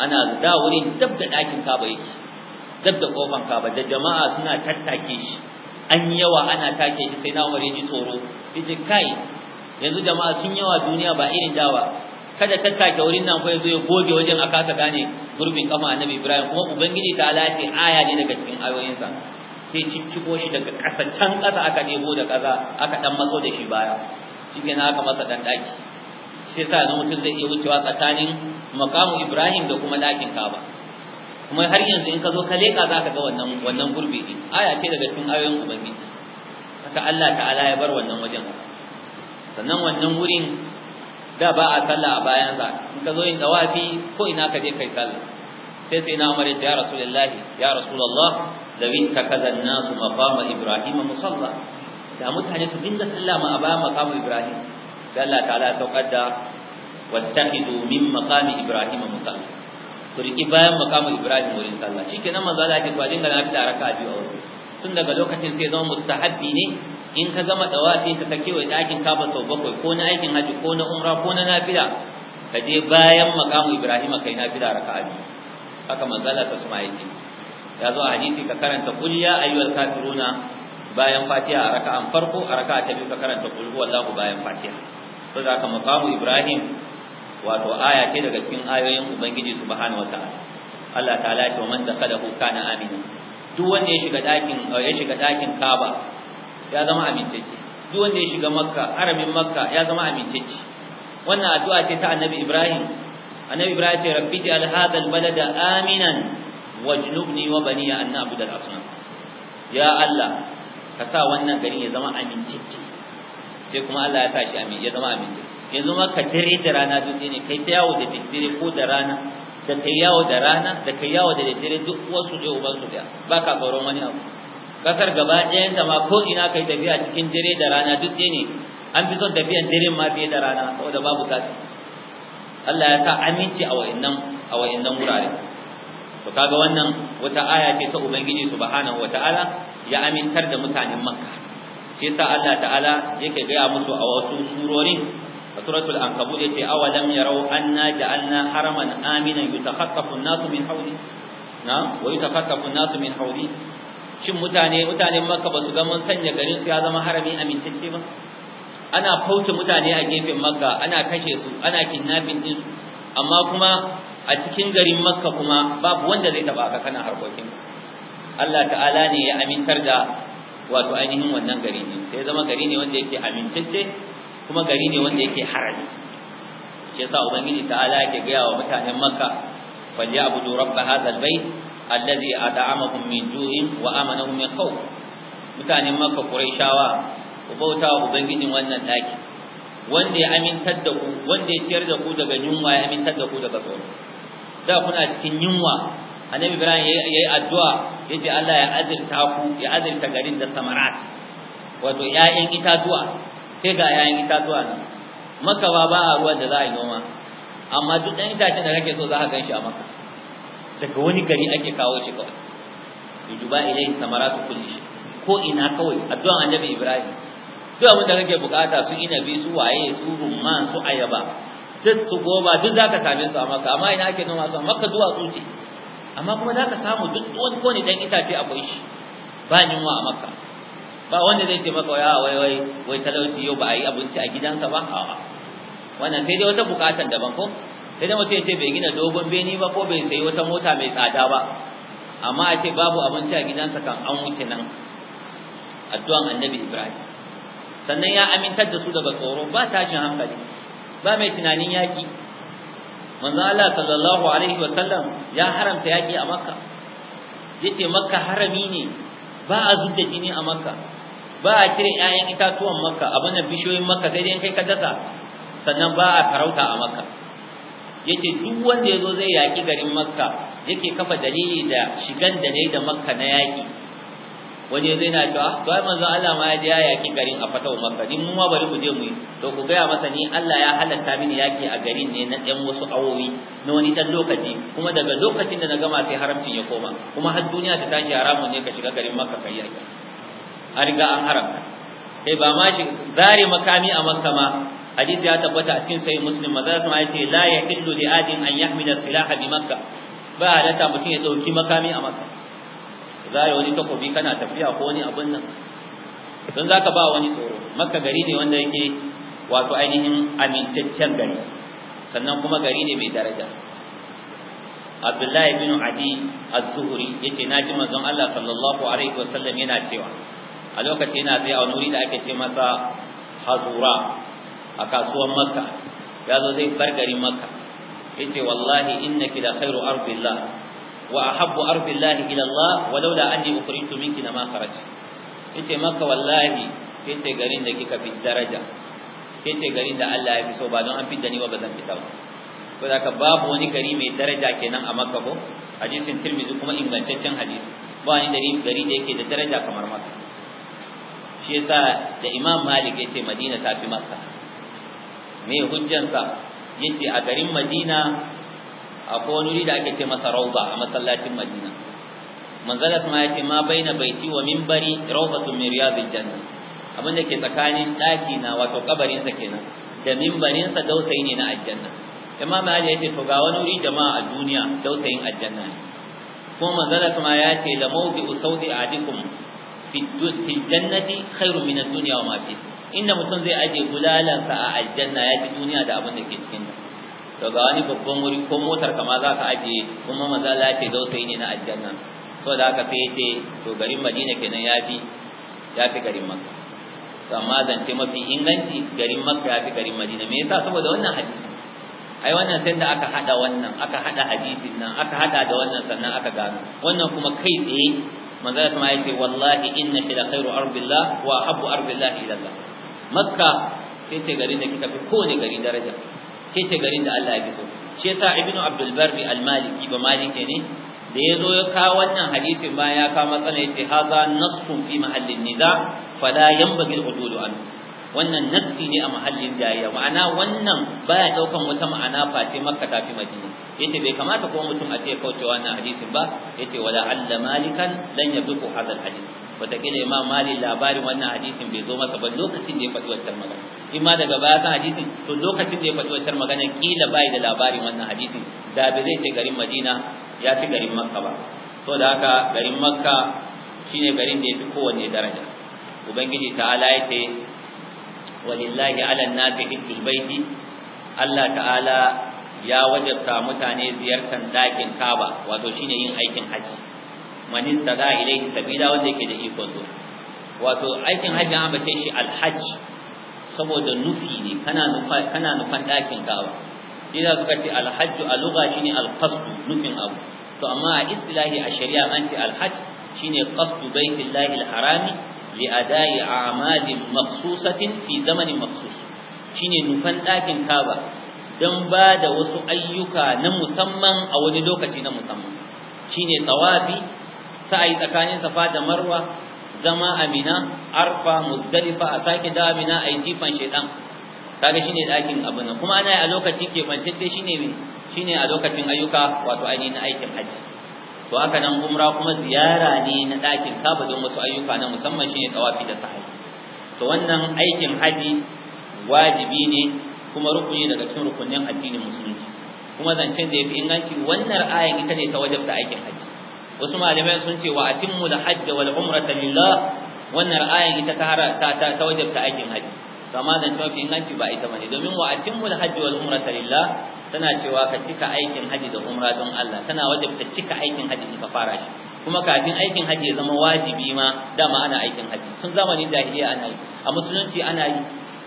ana da wurin dab da ɗakin kaba yake dab da kofan kaba da jama'a suna tattake shi an yawa ana take shi sai na umar ji tsoro yace kai yanzu jama'a sun yawa duniya ba irin dawa kada tattake wurin nan ko yanzu ya goge wajen aka kasa gane gurbin kama annabi ibrahim kuma ubangiji ta ala ce aya ne daga cikin ayoyinsa sai cikkiko shi daga kasa can ƙasa aka debo da kaza aka dan matso da shi baya shi na aka masa dan ɗaki sai sa mutum zai iya wucewa tsakanin makamu ibrahim da kuma ɗakin kaba kuma har yanzu in ka zo ka leƙa za ka ga wannan wannan gurbi din aya ce daga cikin ayoyin ubangiji haka Allah ta'ala ya bar wannan wajen sannan wannan wurin da ba a sallah a bayan sa in ka zo yin tawafi ko ina ka je kai sallah sai sai na amare ya rasulullahi ya rasulullah lawi takaza an-nas maqama ibrahim musalla da mutane su dinga sallama a bayan maqamu ibrahim sai Allah ta'ala ya saukar da wattaqidu min maqami ibrahim musalla ku riki bayan makamu ibrahim wurin sallah shikenan manzo Allah ya ce ku dinga nafila raka'a biyu a wurin tun daga lokacin sai zama mustahabbi ne in ka gama dawafi ka sake wa dakin kaba sau bakwai ko na aikin haji ko na umra ko na nafila ka je bayan makamu ibrahim kai nafila raka'a biyu haka manzo Allah sa suma yake ya zo a hadisi ka karanta qul ya ayyuhal kafiruna bayan fatiha a raka'an farko a raka'a ta biyu ka karanta qul huwallahu bayan fatiha saboda haka makamu ibrahim wato aya ce daga cikin ayoyin ubangiji subhanahu wataala Allah ta'ala ce wa man dakhalahu kana amina duk wanda ya shiga dakin eh, ya shiga dakin Kaaba ya zama amincece duk wanda ya shiga Makka haramin Makka ya zama amincece wannan addu'a ce ta Annabi Ibrahim Annabi Ibrahim ya ce rabbi ja'al hadha albalada aminan wajnubni wa bani an na'budu al-asnam ya Allah ka sa wannan garin ya zama amincece sai kuma Allah ya sa shi ya zama amincece yanzu ma ka tare da rana dutse ne kai ta yawo da daddare ko da rana da kai yawo da rana da kai yawo da daddare duk wasu je uban su da ba ka tsoron wani abu kasar gaba ɗaya ta ma ko ina kai tafiya cikin dare da rana dutse ne an fi son tafiyan dare ma fiye da rana saboda babu sati Allah ya sa aminci a wayannan a wayannan wurare to kaga wannan wata aya ce ta ubangiji subhanahu wataala ya amintar da mutanen makka shi yasa Allah ta'ala yake gaya musu a wasu surorin suratul ankabut yace awalam yarau anna ja'alna haraman aminan yutakhaffafu an-nasu min hawli na wa yutakhaffafu an-nasu min hawli shin mutane mutanen makka ba su ga mun sanya garin su ya zama harami amincacce ba ana fauce mutane a gefen makka ana kashe su ana kidnapping din su amma kuma a cikin garin makka kuma babu wanda zai taba ka kana harkokin Allah ta'ala ne ya amintar da wato ainihin wannan gari ne sai zama gari ne wanda yake amincacce kuma gari ne wanda yake harami shi yasa ubangiji ta'ala yake gaya wa mutanen makka falyabudu rabb hadha albayt alladhi at'amahum min ju'in wa amanahum min khawf mutanen makka quraishawa ku bauta wa ubangijin wannan daki wanda ya amintar da ku wanda ya ciyar da ku daga yunwa ya amintar da ku daga tsoro da kuna cikin yunwa annabi ibrahim yayi addu'a yace Allah ya azirta ku ya azirta garin da samarat wato 'ya'yan itatuwa sai ga yayin itatuwa nan maka ba ba a ruwan da za a yi noma amma duk ɗan itacen da kake so za ka gan shi a maka daga wani gari ake kawo shi kawai yujuba ilai samaratu kulli shi ko ina kawai addu'an annabi ibrahim duk abin da kake bukata su inabi su waye su rumman su ayaba duk su goma duk za ka same su a maka amma ina ake noma su a maka duwatsu ce amma kuma za ka samu duk wani ko ne dan itace akwai shi ba yunwa a maka ba wanda zai ce maka ya wai wai wai talauci yau ba a yi abinci a gidansa ba a'a wannan sai dai wata bukatar daban ko sai dai mutum ce bai gina dogon beni ba ko bai sayi wata mota mai tsada ba amma a ce babu abinci a gidansa kan an wuce nan addu'an annabi ibrahim sannan ya amintar da su daga tsoro ba tashin hankali ba mai tunanin yaki manzo Allah sallallahu alaihi wasallam ya haramta yaki a makka yace makka harami ne ba a zubda jini a makka ba a cire 'ya'yan itatuwan makka abin da bishiyoyin makka sai dai kai ka dasa sannan ba a farauta a makka yace duk wanda ya zo zai yaki garin makka yake kafa dalili da shigan da nayi da makka na yaki wani zai na cewa ah, to ai manzo Allah ma ya je ya yaki garin a fatawa makka din mu ma bari mu je mu yi to ku gaya masa ni Allah ya halatta mini yaki a garin ne na ɗan wasu awowi na wani dan lokaci kuma daga lokacin da na gama sai haramcin ya koma kuma har duniya ta tashi haramun ne ka shiga garin makka kai yaki a riga an haramta kai eh, ba ma shi zare makami a makka ma hadisi ya tabbata a cikin sai muslim maza sama yace la yahillu li adin an yahmila silaha bi makka ba halatta mutum ya dauki makami a makka Za zare wani takobi kana tafiya ko wani abin nan don zaka ba wani tsoro makka gari ne wanda yake wato ainihin amintaccen gari sannan kuma gari ne mai daraja Abdullahi bin Adi az-Zuhri yace naji manzon Allah sallallahu alaihi wasallam yana cewa a lokaci yana tsaye a wani da ake ce masa hazura a kasuwan makka ya zo zai bar garin makka Ya ce wallahi innaki la khairu ardillah wa ahabbu ardillah ila Allah walau la anni ukritu minki lama kharaj ce makka wallahi Ya ce garin da kika fi daraja Ya ce garin da Allah ya fi so ba don an fidda ni ba bazan fita ba ko da babu wani gari mai daraja kenan a makka ko hadisin tirmidhi kuma ingantaccen hadisi ba ni wani gari da yake da daraja kamar makka shi yasa da imam malik yace madina ta fi makka me hujjansa yace a garin madina akwai wani wuri da ake ce masa rauba a masallacin madina manzala ma yace ma baina baiti wa minbari rawdatun min riyadil janna abin da ke tsakanin daki na wato kabarin sa kenan da minbarin sa dausayi ne na aljanna imam ali yace to ga wani wuri jama'a a duniya dausayin aljanna ne kuma manzala ma yace la mawdi'u usawdi adikum fi jannati khairun min ad-dunya inda mutum zai aje bulalansa a aljanna ya fi duniya da abin da ke cikin to ga wani babban wuri ko motar kama za ka aje kuma maza la ce ne na aljanna saboda haka sai to garin Madina kenan ya fi garin Makka to amma mafi inganci garin ya fi garin Madina me yasa saboda wannan ai wannan sanda aka hada wannan aka hada hadisin nan aka hada da wannan sannan aka gano wannan kuma kai tsaye manzo sama ce wallahi innaki la khairu arbillah wa Habu arbillah ila Allah makka kace garin da kika fi kowane gari daraja kace garin da Allah ya fi so shi yasa ibnu abdul barri al maliki ba maliki ne da yazo ya kawo wannan hadisin ba ya kawo matsala yace haza nasfun fi mahallin niza fala yanbaghi al udulu anhu wannan nafsi ne a mahallin jayya ma'ana wannan baya daukan wata ma'ana face makka ta fi madina yace bai kamata ko mutum a ce kaucewa wannan hadisin ba yace wala alla malikan lan yabduku hadal hadis wataƙila imam mali labarin wannan hadisin bai zo masa ba lokacin da ya faɗi wancan magana in ma daga baya san hadisin to lokacin da ya faɗi wancan magana kila bai da labarin wannan hadisin da bai zai ce garin madina ya fi garin makka ba So da haka garin makka shine garin da ya fi kowanne daraja ubangiji ta'ala yace ce walillahi ala nasi hijjul baiti Allah ta'ala ya wajabta mutane ziyartar dakin Kaaba wato shine yin aikin haji man istada ilayhi sabila wanda yake da ikon zuwa wato aikin haji an bace shi alhajj saboda nufi ne kana nufa kana nufan dakin Kaaba idan suka ce alhajj a lugha shine alqasd nufin abu to amma a istilahi a shari'a an ce alhajj shine qasdu baitillahi alharami li'ada'i a'malin maqsusatin fi zamanin maqsus shine nufan ɗakin Kaba don ba da wasu ayyuka na musamman a wani lokaci na musamman shine tawafi sa'ai tsakanin Safa da Marwa zama a Amina Arfa Muzdalifa a sake da Amina ai jifan shedan kaga shine ɗakin abin kuma ana a lokaci ke bantacce shine shine a lokacin ayyuka wato ainihin aikin aji. to haka nan umra kuma ziyara ne na ɗakin kaba don wasu ayyuka na musamman shine tawafi da sa'i to wannan aikin haji wajibi ne kuma rukuni daga cikin rukunin addinin musulunci kuma zancen da yafi inganci wannan ayan ita ne ta wajabta aikin haji wasu malamai sun ce wa atimmu da hajj wal umrata lillah wannan ayan ita ta ta wajabta aikin haji kama da cewa inganci ba ita bane domin wa atimul hajji wal umrata lillah tana cewa ka cika aikin hajji da umra don Allah tana wajabta cika aikin hajji in ka fara shi kuma kafin aikin hajji ya zama wajibi ma dama ana aikin haji tun zamanin jahiliya ana yi a musulunci ana yi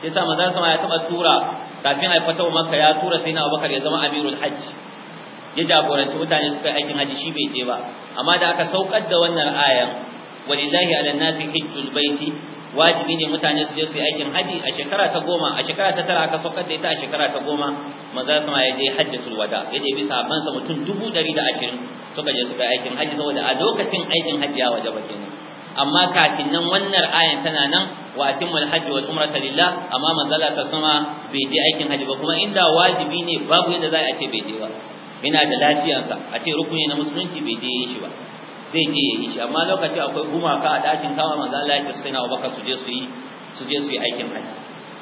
yasa manzon sama ya taba tura kafin ai fatawa makka ya tura sai na Abubakar ya zama amirul hajji ya jagoranci mutane suka yi aikin hajji shi bai je ba amma da aka saukar da wannan ayan walillahi ala nasi hajjul baiti wajibi ne mutane su je su yi aikin haji a shekara ta goma a shekara ta tara aka saukar da ita a shekara ta goma maza su ma ya je hajjatul wada ya je bisa bansa mutum dubu ɗari da ashirin suka je suka yi aikin haji saboda a lokacin aikin haji ya waje bakin amma kafin nan wannan ayan tana nan wa atimul hajji wal umrata lillah amma manzo Allah sama bai je aikin haji ba kuma inda wajibi ne babu yadda za a ce bai je ba yana da lafiyarsa a ce rukuni na musulunci bai je shi ba zai je ya yi shi amma lokaci akwai gumaka a ɗakin kama manzo Allah ya ce sai na Abubakar su je su yi su je su yi aikin haji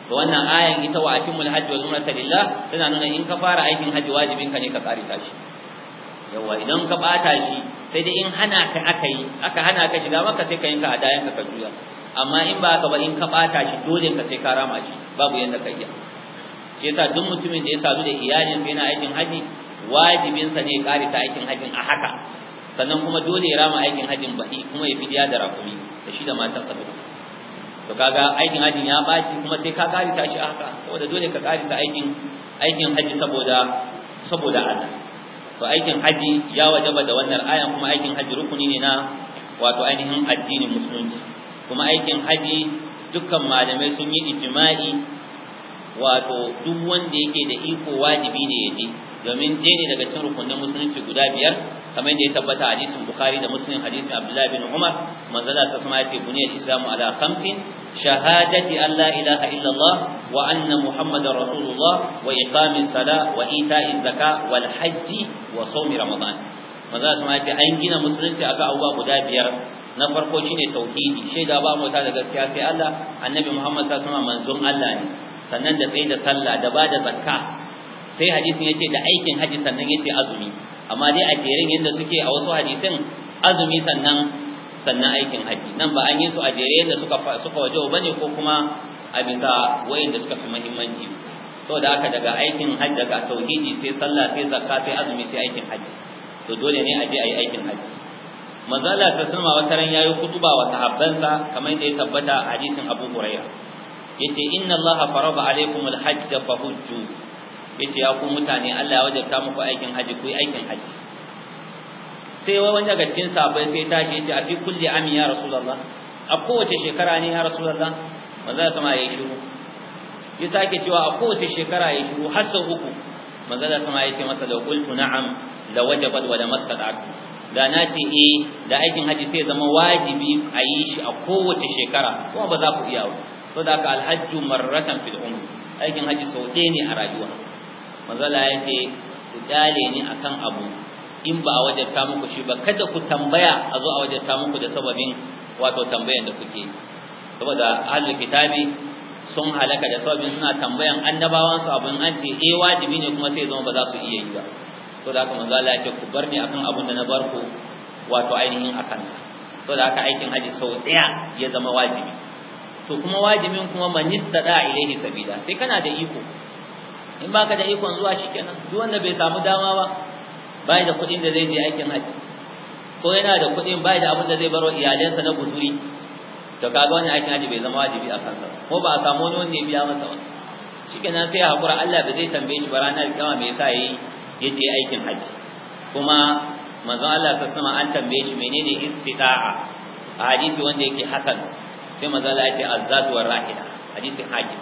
to wannan ayan ita wa akimul hajj wa umrata lillah tana nuna in ka fara aikin haji wajibin ka ne ka karisa shi yawa idan ka bata shi sai dai in hana ka aka yi aka hana ka shiga maka sai ka yi ka adayan ka juya amma in ba ka ba in ka bata shi dole ka sai ka rama shi babu yanda ka yi shi yasa duk mutumin da ya sadu da iyalin bai yana aikin haji wajibin sa ne karisa aikin hajin a haka sannan kuma dole ya rama aikin hajjin baɗi kuma ya fidiya da rakumi da shi da matarsa duka to kaga aikin hajjin ya baci kuma sai ka karisa shi haka saboda dole ka karisa aikin aikin hajji saboda saboda Allah to aikin hajji ya wajaba da wannan ayan kuma aikin hajji rukuni ne na wato ainihin addinin musulunci kuma aikin hajji dukkan malamai sun yi ijma'i wato duk wanda yake da iko wajibi ne yaje domin ɗaya ne daga cikin rukunin musulunci guda biyar kamar yadda ya tabbata hadisin bukhari da muslim hadisin abdullahi bin umar manzala sa sama yace buniyar islamu ala khamsin shahadati an la ilaha illallah wa anna muhammadar rasulullah wa iqamis sala wa ita'iz zaka wal hajji wa sawmi ramadan manzala sama yace an gina musulunci aka abubuwa guda biyar na farko shine tauhidi shaida ba mota da gaskiya sai Allah annabi muhammad sallallahu sama wasallam manzon Allah ne sannan da tsaye da sallah da ba da zakka sai hadisin yace da aikin haji sannan yace azumi amma dai a jerin yadda suke a wasu hadisin, azumi sannan sannan aikin haji nan ba an yi su a jere yadda suka suka waje ne ko kuma a bisa wayanda suka fi muhimmanci saboda haka daga aikin haji daga tauhidi sai sallah sai zakka sai azumi sai aikin haji to dole ne a je a yi aikin haji manzo Allah sallallahu alaihi wasallam ya yayi kutuba wa sahabbansa kamar da ya tabbata hadisin Abu Hurairah yace inna allaha farada alaikum alhajj fahujju yace ya ku mutane Allah ya wajabta muku aikin haji ku yi aikin haji sai wai wanda daga cikin sahabbai sai tashi yace a fi kulli am ya rasulullah a kowace shekara ne ya rasulullah manzo sama yayi shiru ya sake cewa a kowace shekara yayi shiru har sau uku manzo sama yace masa da qultu na'am la wajaba wa la masadatu da na ce eh da aikin haji sai zama wajibi a yi shi a kowace shekara kuma ba za ku iya ba saboda da ka alhajju marratan fil umr aikin haji sau ɗaya ne a rayuwa mazala ya ce ku dale ni akan abu in ba a ta muku shi ba kada ku tambaya a zo a ta muku da sababin wato tambayan da kuke saboda ahlul kitabi sun halaka da sababin suna tambayan annabawan su abun an ce eh wajibi ne kuma sai zama ba za su iya yi ba saboda da haka manzo ya ce ku bar ni akan abun da na bar ku wato ainihin akan sa saboda da haka aikin haji sau daya ya zama wajibi to kuma wajibin kuma manista da ilaihi sabila sai kana da iko in baka da ikon zuwa shikenan duk wanda bai samu dama ba bai da kuɗin da zai je aikin haji ko yana da kuɗin bai da abin da zai baro iyalansa na guzuri to kaga wannan aikin haji bai zama wajibi a kansa ko ba a samu wani wanda ya biya masa ba shikenan sai hakura Allah ba zai tambaye shi ba ranar kiyama me yasa yayi yaje aikin haji kuma manzo Allah wasallam an tambaye shi menene istita'a a hadisi wanda yake hasan sai maza ya ce azzatu war rahila hadisi haji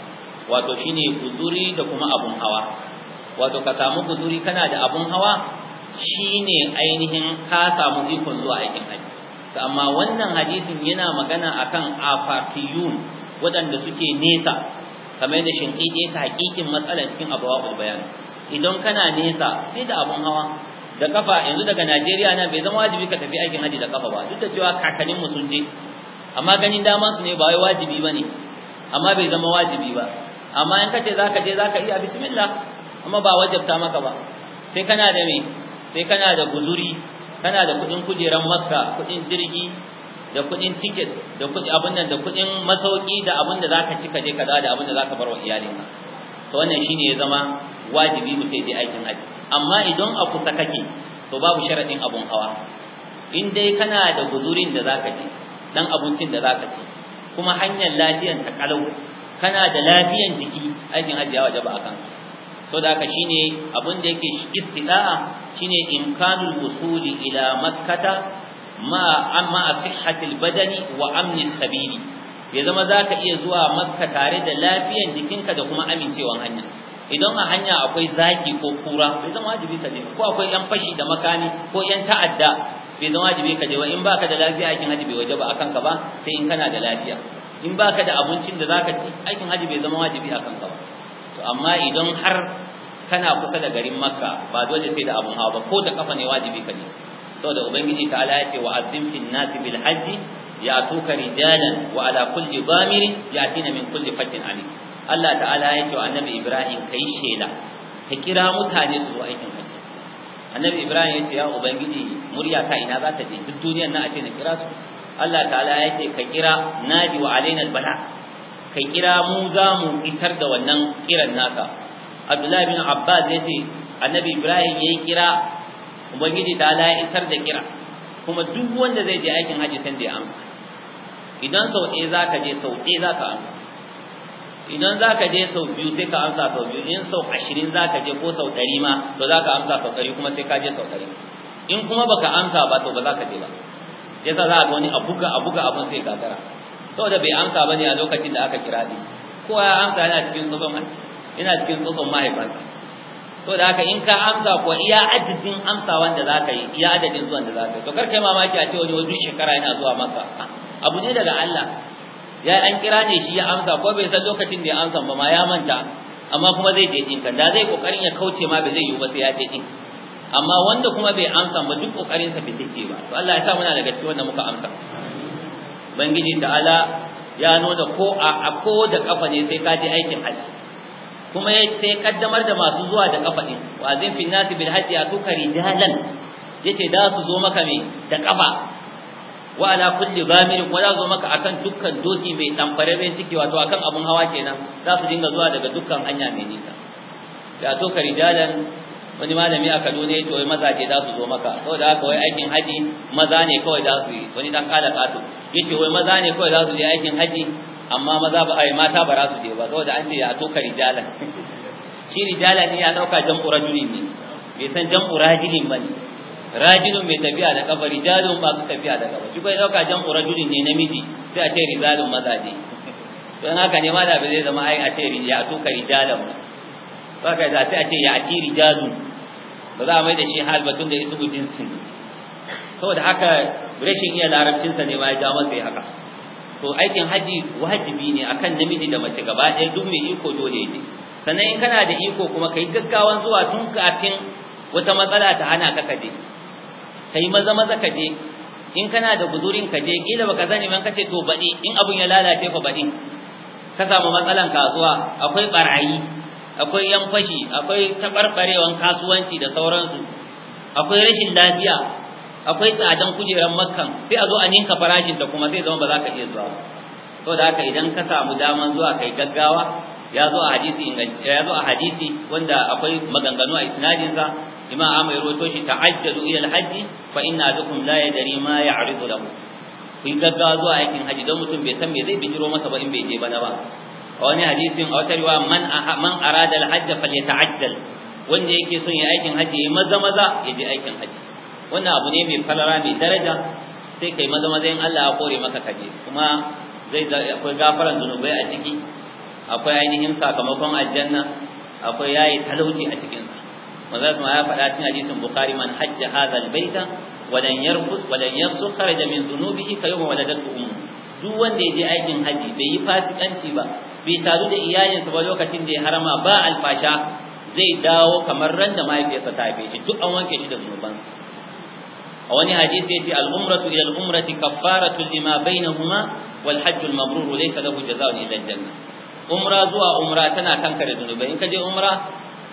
wato shine kuzuri da kuma abun hawa wato ka samu kuzuri kana da abun hawa shine ainihin ka samu ikon zuwa aikin haji amma wannan hadisin yana magana akan afatiyun waɗanda suke nesa kamar yadda shinƙiƙe ta hakikin matsalar cikin abawaul bayan idan kana nesa sai da abun hawa da kafa yanzu daga Najeriya nan bai zama wajibi ka tafi aikin haji da kafa ba duk da cewa kakanninmu sun je amma ganin daman su ne ba wai wajibi bane amma bai zama wajibi ba amma in kace zaka je zaka iya bismillah amma ba wajabta maka ba sai kana da me sai kana da guzuri kana da kudin kujeran makka kudin jirgi da kudin ticket da kudin abun nan da kudin masauki da abun da zaka ci ka je kaza da abun da zaka bar wa iyalinka to wannan shine ya zama wajibi mu sai dai aikin haji amma idan a kusa kake to babu sharadin abun hawa in dai kana da guzurin da zaka je dan abincin da zaka ci kuma hanyar lafiyan ta kalau kana da lafiyan jiki aikin hajji ya wajaba akan so da haka shine abin da yake istida'a shine imkanul wusuli ila makkata ma amma sihhatil badani wa amni sabili ya zama zaka iya zuwa makka tare da lafiyan jikinka da kuma amincewan hanya idan a hanya akwai zaki ko kura bai zama wajibi ka ko akwai yan fashi da makami ko yan ta'adda bai zama wajibi ka je ba in baka da lafiya aikin haji bai waje ba akan ka ba sai in kana da lafiya in baka da abincin da zaka ci aikin haji bai zama wajibi akan ka ba to amma idan har kana kusa da garin makka ba dole sai da abun hawa ba ko da kafa ne wajibi ka ne saboda ubangiji ta ala ya ce wa azzim fil nasi bil hajji ya'tuka rijalan wa ala kulli damirin ya'tina min kulli fatin amin Allah ta'ala ya ce wa annabi Ibrahim kai shela ka kira mutane su zo aikin haji annabi ibrahim ya ce ya ubangiji murya ta ina za ta je duk duniyar nan a ce na kira su Allah ta'ala ya ce ka kira nadi wa alaina albala ka kira mu za mu isar da wannan kiran naka Abdullahi bin Abbas yace annabi Ibrahim yayi kira ubangiji ta'ala ya isar da kira kuma duk wanda zai je aikin haji san da ya amsa idan sau ɗaya za ka je sau ɗaya za ka amsa idan za ka je sau biyu sai ka amsa sau biyu in sau ashirin za ka je ko sau ɗari ma to za ka amsa sau ɗari kuma sai ka je sau ɗari in kuma baka amsa ba to ba za ka je ba sa za a ga wani abuka buga a buga abun sai gagara saboda bai amsa ba ne a lokacin da aka kira ni kowa ya amsa yana cikin tsotson yana cikin tsotson mahaifansa saboda haka in ka amsa ko iya adadin amsa wanda za ka yi iya adadin zuwan da za ka yi to kar yi mamaki a ce wani wani shekara yana zuwa maka abu ne daga Allah ya an kira ne shi ya amsa ko bai san lokacin da ya amsa ba ma ya manta amma kuma zai je kan da zai kokarin ya kauce ma bai zai yi ba sai ya je din amma wanda kuma bai amsa ba duk kokarin sa bai take ba to Allah ya sa muna daga cikin wanda muka amsa bangiji ta'ala ya nuna ko a ko da kafa ne sai ka ji aikin haji kuma sai kaddamar da masu zuwa da kafa din wa zin fi nasi bil haji atuka rijalan yace da su zo maka me da kafa wa ala kulli bamirin wa zo maka akan dukkan doki mai tambare mai ciki wato akan abun hawa kenan za su dinga zuwa daga dukkan hanya mai nisa da to ridalan wani malami a Kaduna ya wai ke za su zo maka saboda haka wai aikin haji maza ne kawai za su yi wani dan kala kato yace wai maza ne kawai za su je aikin haji amma maza ba ai mata ba za su je ba saboda an ce ya to ridalan shi ridalan ne ya dauka jam'u rajulin ne bai san jam'u rajulin bane rajulun mai tafiya da kafa rijalun masu tafiya da kafa shi bai dauka jan rajulun ne namiji sai a ce rijalun ne. don haka ne ma da bai zai zama ai a ce ya tuka rijalun ba kai za a ce ya ati rijalun ba za a mai da shi hal batun da isu jinsi saboda haka rashin iya larabcinsa ne ma ya ja masa haka to aikin haji wajibi ne akan namiji da mace gaba ɗaya duk mai iko dole ne sannan in kana da iko kuma kai gaggawan zuwa tun kafin wata matsala ta hana ka kaje kai maza maza ka je in kana da guzurin ka je kila baka zani man kace to baɗi in abun ya lalace fa baɗi ka samu matsalan kasuwa akwai barayi akwai yan fashi akwai tabarbarewan kasuwanci da sauransu akwai rashin lafiya akwai tsadan kujeran makkan sai a zo a ninka farashin da kuma zai zama ba za ka iya zuwa saboda haka idan ka samu daman zuwa kai gaggawa ya zo a hadisi ya zo a hadisi wanda akwai maganganu a sa imam amma ya rawaito shi ta'ajjalu ila al-hajj fa inna adukum la yadri ma ya'ridu lahu ku yi gaggawa zuwa aikin hajji don mutum bai san me zai bijiro masa ba in bai je bana ba a wani hadisin a wata riwa man man arada al wanda yake son ya aikin haji ya maza maza ya je aikin haji wannan abu ne mai falara mai daraja sai kai maza maza in Allah ya kore maka kaje kuma zai akwai gafaran zunubai a ciki akwai ainihin sakamakon aljanna akwai yayi talauci a cikinsa maza su ya faɗa cikin hadisin bukhari man hajja hadha albayta walan yarfus walan yafsu kharaja min dhunubihi ka yawma waladatu ummu duk wanda ya je aikin haji bai yi fasikanci ba bai taru da iyalinsa ba lokacin da ya harama ba alfasha zai dawo kamar ran da mahaifiyarsa ta haife shi duk an wanke shi da zunubansa a wani hadisi yace al-umratu ila al-umrati kaffaratu lima bainahuma wal hajj al-mabrur laysa lahu jazaa'un illa al-janna umra zuwa umra tana kankare zunubai in ka je umra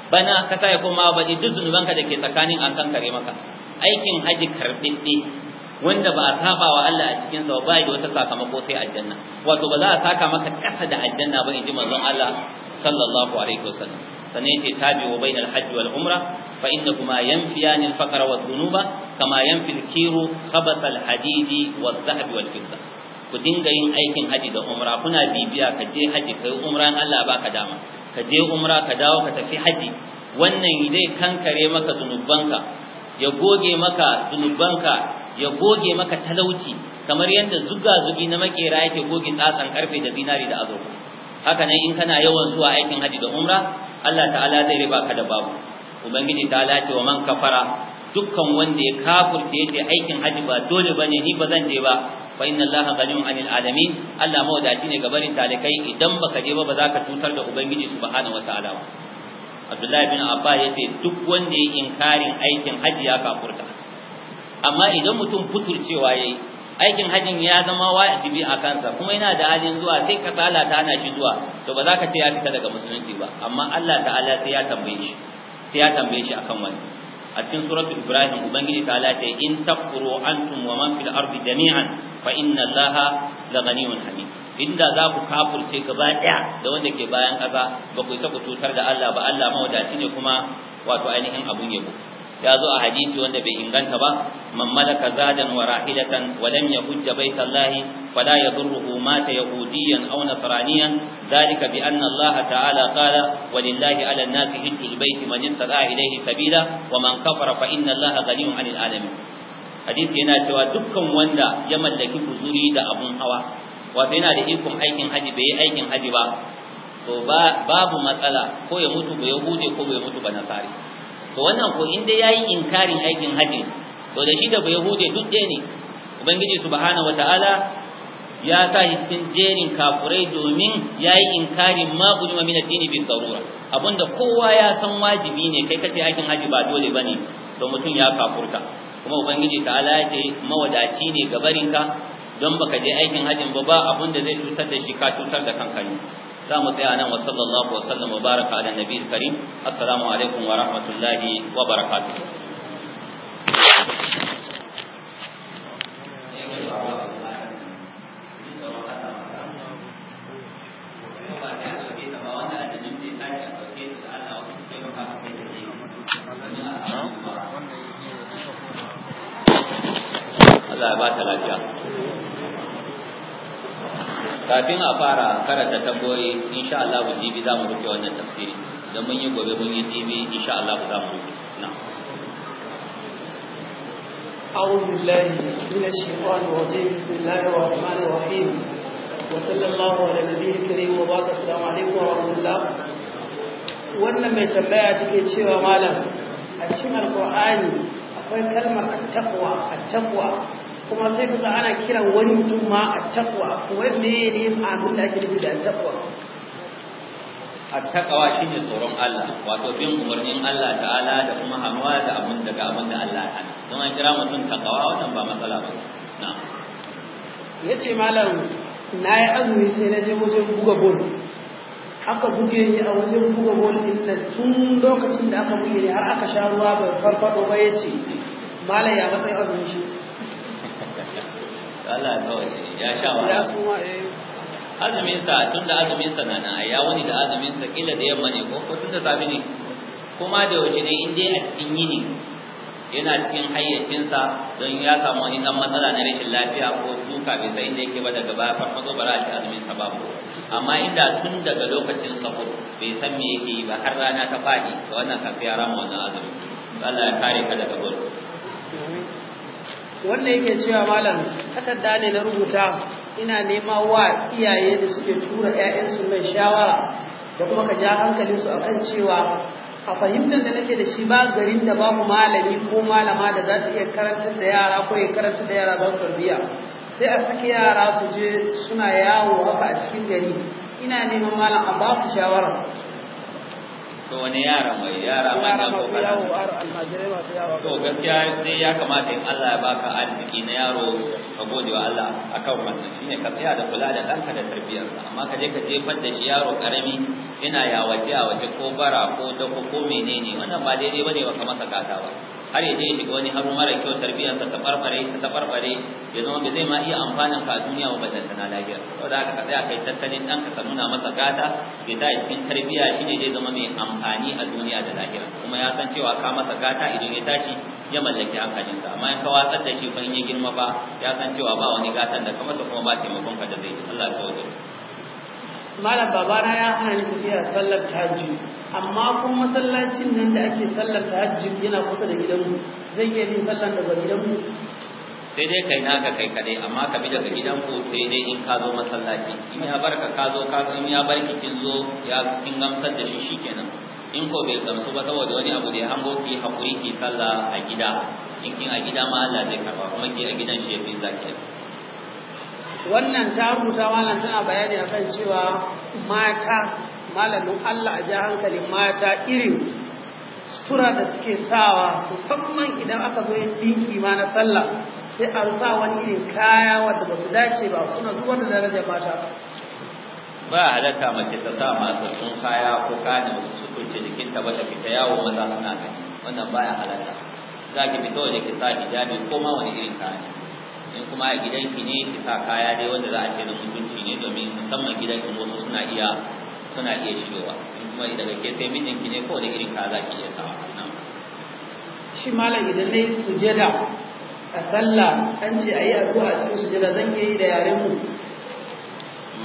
bana ka sai kuma baɗi duk zunubanka da ke tsakanin an kankare maka aikin haji karɓiɗɗe wanda ba a saba wa Allah a cikin sa ba da wata sakamako sai aljanna wato ba za a saka maka kasa da aljanna ba inji manzon Allah sallallahu alaihi wasallam sannan yace tabi'u bainal hajji wal umra fa innakuma yanfiyani al faqra wa dhunuba kama yanfi al kiru khabath al wa wal dhahab wal fidda ku dinga yin aikin haji da umra kuna bibiya ka je haji kai umran Allah baka dama ka je umra ka dawo ka tafi haji wannan zai kankare maka zunubanka ya goge maka zunubanka ya goge maka talauci kamar yadda zuga zugi na makera yake goge tsatsan karfe da zinari da azurfa haka nan in kana yawan zuwa aikin haji da umra Allah ta'ala zai riba ka da babu ubangiji ta ce wa man kafara dukkan wanda ya kafirce yace aikin haji ba dole bane ni bazan je ba fa inna allaha ghaniyun 'anil alamin Allah mawadaci ne ga barin talikai idan baka je ba ba za ka tutar da ubangiji subhanahu wataala ba Abdullahi bin Abba yace duk wanda ya inkarin aikin haji ya kafurta amma idan mutum futurcewa yayi aikin hajin ya zama wajibi a kansa kuma yana da halin zuwa sai tsala ta hana shi zuwa to ba za ka ce ya fita daga musulunci ba amma Allah ta'ala sai ya tambaye shi sai ya tambaye shi akan wannan a cikin suratul ibrahim ubangiji ta ala in takfuru antum wa man fil ardi jami'an fa inna allaha la ghaniyyun hamid inda za ku kafurce gaba daya da wanda ke bayan ƙasa, ba ku isa ku tutar da Allah ba Allah mawadaci ne kuma wato ainihin abun yabo ya zo a hadisi wanda bai inganta ba man malaka zadan wa rahilatan wa lam yahujja baitallahi fala yadurruhu mata yahudiyan aw nasraniyan dalika bi anna Allah ta'ala qala walillahi 'ala an-nasi hajjul bayti man istata'a ilayhi sabila wa man kafara fa inna Allah ghaniyun 'anil 'alamin hadisi yana cewa dukkan wanda ya mallaki kuzuri da abun hawa wato yana da ikon aikin haji bai yi aikin haji ba to babu matsala ko ya mutu ba yahude ko bai mutu ba nasari to wannan ko in yayi inkarin aikin haji to da shi da bai hude duk ɗaya ne ubangiji subhanahu wataala ya sa shi jerin kafurai domin yayi ya yi bu ma min addini bi darura abinda kowa ya san wajibi ne kai kace aikin haji ba dole bane to mutum ya kafurta kuma ubangiji ta'ala ya ce mawadaci ne ga barinka don baka je aikin hajin ba ba abinda zai cutar da shi ka cutar da kanka سامتنا وصلى الله وسلم وبارك على النبي الكريم السلام عليكم ورحمة الله وبركاته kafin a fara karanta tambayoyi insha Allah mu dibi za mu rufe wannan tafsiri idan mun yi gobe mun yi dibi insha Allah za mu rufe na أعوذ mai tambaya take cewa malam a cikin alqur'ani akwai kalmar at-taqwa kuma sai kusa ana kiran wani mutum ma a takwa wai mene ne abin da ake nufi da takwa shi ne tsoron Allah wato bin umarnin Allah ta'ala da kuma hanwa da abin daga abin da Allah ya hana don an kira mutum takawa wannan ba matsala ba Ya yace malam na yi azumi sai na je wajen buga bol aka buge ni a wajen buga bol inda tun lokacin da aka buge ni har aka sha ruwa ban farfado ba yace malam ya matsayin azumi. shi Allah ya sha wa azumin sa tun da azumin sa nana ya wani da azumin sa kila da yamma ne ko tun da safi ne kuma da waje ne in dai a cikin yini yana cikin hayyacin sa don ya samu wani dan matsala na rashin lafiya ko duka bai sai inda yake ba daga baya farko ba za a ci azumin sa babu amma inda tun daga lokacin sahur bai san me yake ba har rana ta fadi to wannan kafiya rama wannan azumin Allah ya kare ka daga gurbin wannan yake cewa malam takarda ne na rubuta ina nema wa iyaye da suke tura 'ya'yansu mai shawara da kuma ka ja hankalinsu a kan cewa a fahimtar da nake da shi ba garin da babu malami ko malama da za su iya karantar da yara ko ya karanta da yara ba tarbiyya sai a saki yara su je suna yawo haka a cikin gari ina neman malam a ba su shawara to wani yara mai yara manya ko kana to gaskiya sai ya kamata in Allah ya baka arziki na yaro ka gode wa Allah akan wannan shine ka tsaya da kula da danka da tarbiyarsa amma ka je ka jefar da shi yaro karami yana yawaje a waje ko bara ko dako ko menene wannan ba daidai bane ba ka masa gata ba har yaje shi ya shiga wani haru mara kyau tarbiyyar ta farfare ta tabarbare ya zama bai zai ma iya amfanin ka a duniya ba da tana lafiya saboda haka ka tsaya kai tattalin dan ka nuna masa gata ya ta cikin tarbiyya ne zai zama mai amfani a duniya da lahira kuma ya san cewa ka masa gata idan ya tashi ya mallaki hankalin sa amma in ka watsar da shi ban ya girma ba ya san cewa ba wani gatan da ka masa kuma ba taimakon ka da zai Allah ya sauke malam babana ya hana ni tafiya sallar tahajjud amma kun masallacin nan da ake sallar tahajjud yana kusa da gidanmu zan iya yin sallar da gidanmu sai dai kai naka kai kadai amma ka bi da gidanku sai dai in ka zo masallaci in ya barka ka zo ka in ya barki kin zo ya kin gamsar da shi shikenan in ko bai gamsu ba saboda wani abu da ya hango ki hakuri ki sallah a gida in kin a gida ma Allah zai karba kuma ki a gidan shi ya fi zakiya wannan ta rubuta malam tana bayani kan cewa mata malamin Allah a ji hankalin mata irin sura da suke sawa musamman idan aka zo yin dinki ma na sallah sai a sa wani irin kaya wanda ba su dace ba suna zuwa da darajar mata ba halatta mace ta sa masu sun kaya ko kane su kunce jikinta ba ta fita yawo maza suna gani wannan baya halatta za ki fita wani ki sa hijabi ko ma wani irin kaya in kuma a gidanki ne ki sa kaya dai wanda za a ce na mutunci ne domin musamman gidanki wasu suna iya suna iya shigowa in kuma daga ke sai mijinki ne kowane irin ka za ki iya sawa shi malam idan dai sujada a sallah an ce a yi addu'a cikin sujada zan iya yi da yaren mu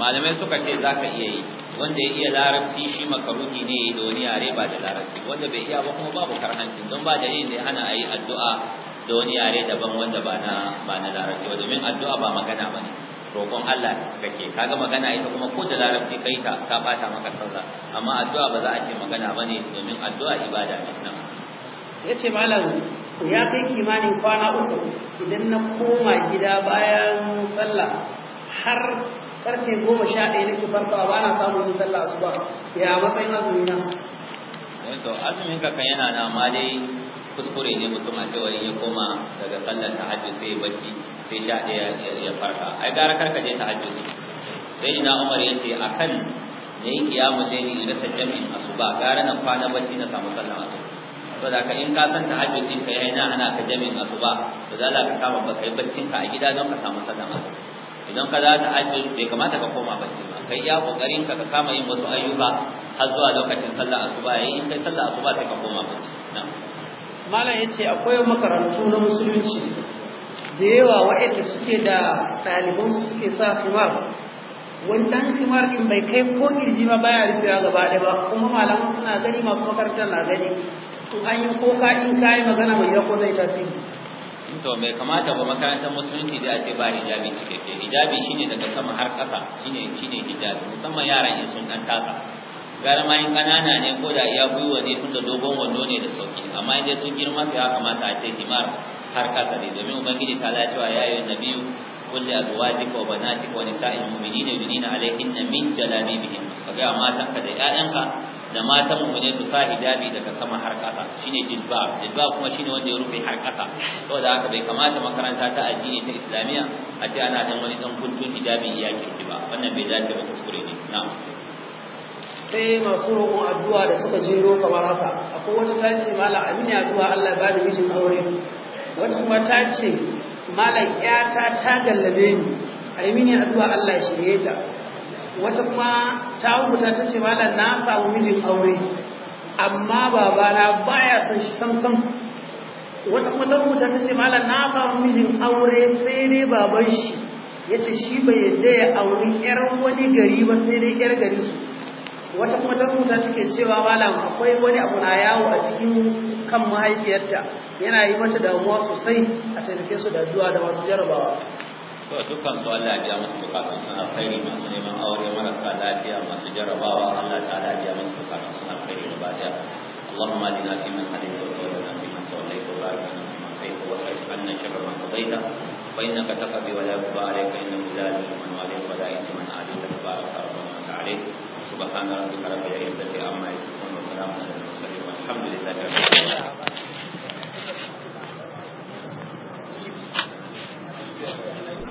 malamai suka ce za ka iya yi wanda ya iya larabci shi makaruhi ne da wani yare ba da larabci wanda bai iya ba kuma babu karhancin don ba da yin da ya hana a yi addu'a da wani yare daban wanda ba na ba na larabci ba domin addu'a ba magana bane roƙon Allah kake kaga magana ita kuma ko da larabci kai ta ka bata maka sauka amma addu'a ba za a ce magana bane domin addu'a ibada ne nan yace malam ya kai kimanin kwana uku idan na koma gida bayan sallah har karfe goma sha ɗaya nake farkawa ba na samun yin sallah asuba ya matsayin azumi na eh, to azumin ka kan yana na ma dai kuskure ne mutum a cewa ya koma daga sallar tahajjud sai bacci sai sha ɗaya ya farka ai gara karka je tahajjud sai ina Umar yace akan nayi kiyamu dai ni da in asuba gara na kwana bacci na samu sallar asuba to da ka in ka san tahajjud din kai ina ana ka jami'in asuba to za ka kama ba kai baccin ka a gida don ka samu sallar asuba idan ka za tahajjud bai kamata ka koma bacci ba kai ya kokarin ka ka kama yin wasu ayyuka har zuwa lokacin sallar asuba yayin in kai sallar asuba sai ka koma bacci na'am malam ya ce akwai makarantu na musulunci da yawa waɗanda suke da ɗalibansu suke sa wani wannan kimar ɗin bai kai ko kirji ma baya rufewa gaba ɗaya ba kuma malaman suna gani masu makarantar na gani to an yi ko ka in ka yi magana mai yako zai tafi to bai kamata ba makarantar musulunci da ake ba hijabi cikakke hijabi shine daga sama har ƙasa shine shine hijabi musamman yaran in sun dan tasa gara ma in kanana ne ko da iya gwiwa ne da dogon wando ne da sauki amma in dai sun girma ya kamata a ce himar har kasa ne domin ubangiji ta la cewa ya yi nabiyu قل لأزواجك وبناتك ونساء na min عليهن من جلابيبهن kaga matan ka da ƴaƴanka da matan ne su sa hijabi daga sama har shine jilbab jilbab kuma shine wanda ya rufe har ƙasa saboda haka bai kamata makaranta ta addini ta islamiya a ce ana dan wani dan kuntun hijabi iya kirki ba wannan bai dace ba kuskure ne na'am sai masu roƙon addu'a da suka jero kamar haka akwai wata ta ce malam ya addu'a Allah ba da mijin aure wata kuma ta ce malam ƴata ta gallabe ni mini addu'a Allah shirye ta wata kuma ta rubuta ta ce malam na samu mijin aure amma babana baya son shi samsam wata kuma ta rubuta ta ce malam na samu mijin aure sai dai baban shi ya ce shi bai yadda ya auri ƴar wani gari ba sai dai yar gari su wata kuma ta rubuta take cewa malam akwai wani abu na yawo a cikin kan mahaifiyarta yana yi mata damuwa sosai a taimake su da duwa da masu jarabawa. To dukkan su Allah ya biya musu bukatun kai kairi masu neman aure marasa lafiya masu jarabawa Allah ta da biya musu bukatun suna kai na baya. Allahumma dina fi man hadin da wasu wajen fi man tsawon laifin ba a yi man kai ko wasu aikin annan shirin man kwadai da fa inna ka taka bi wa la yabba alayka inna mulalim man walim wa la yabba man alim da ta baraka wa man ta alim. سبحان ربك رب العزة عما يصفون والسلام على المرسلين والحمد لله رب العالمين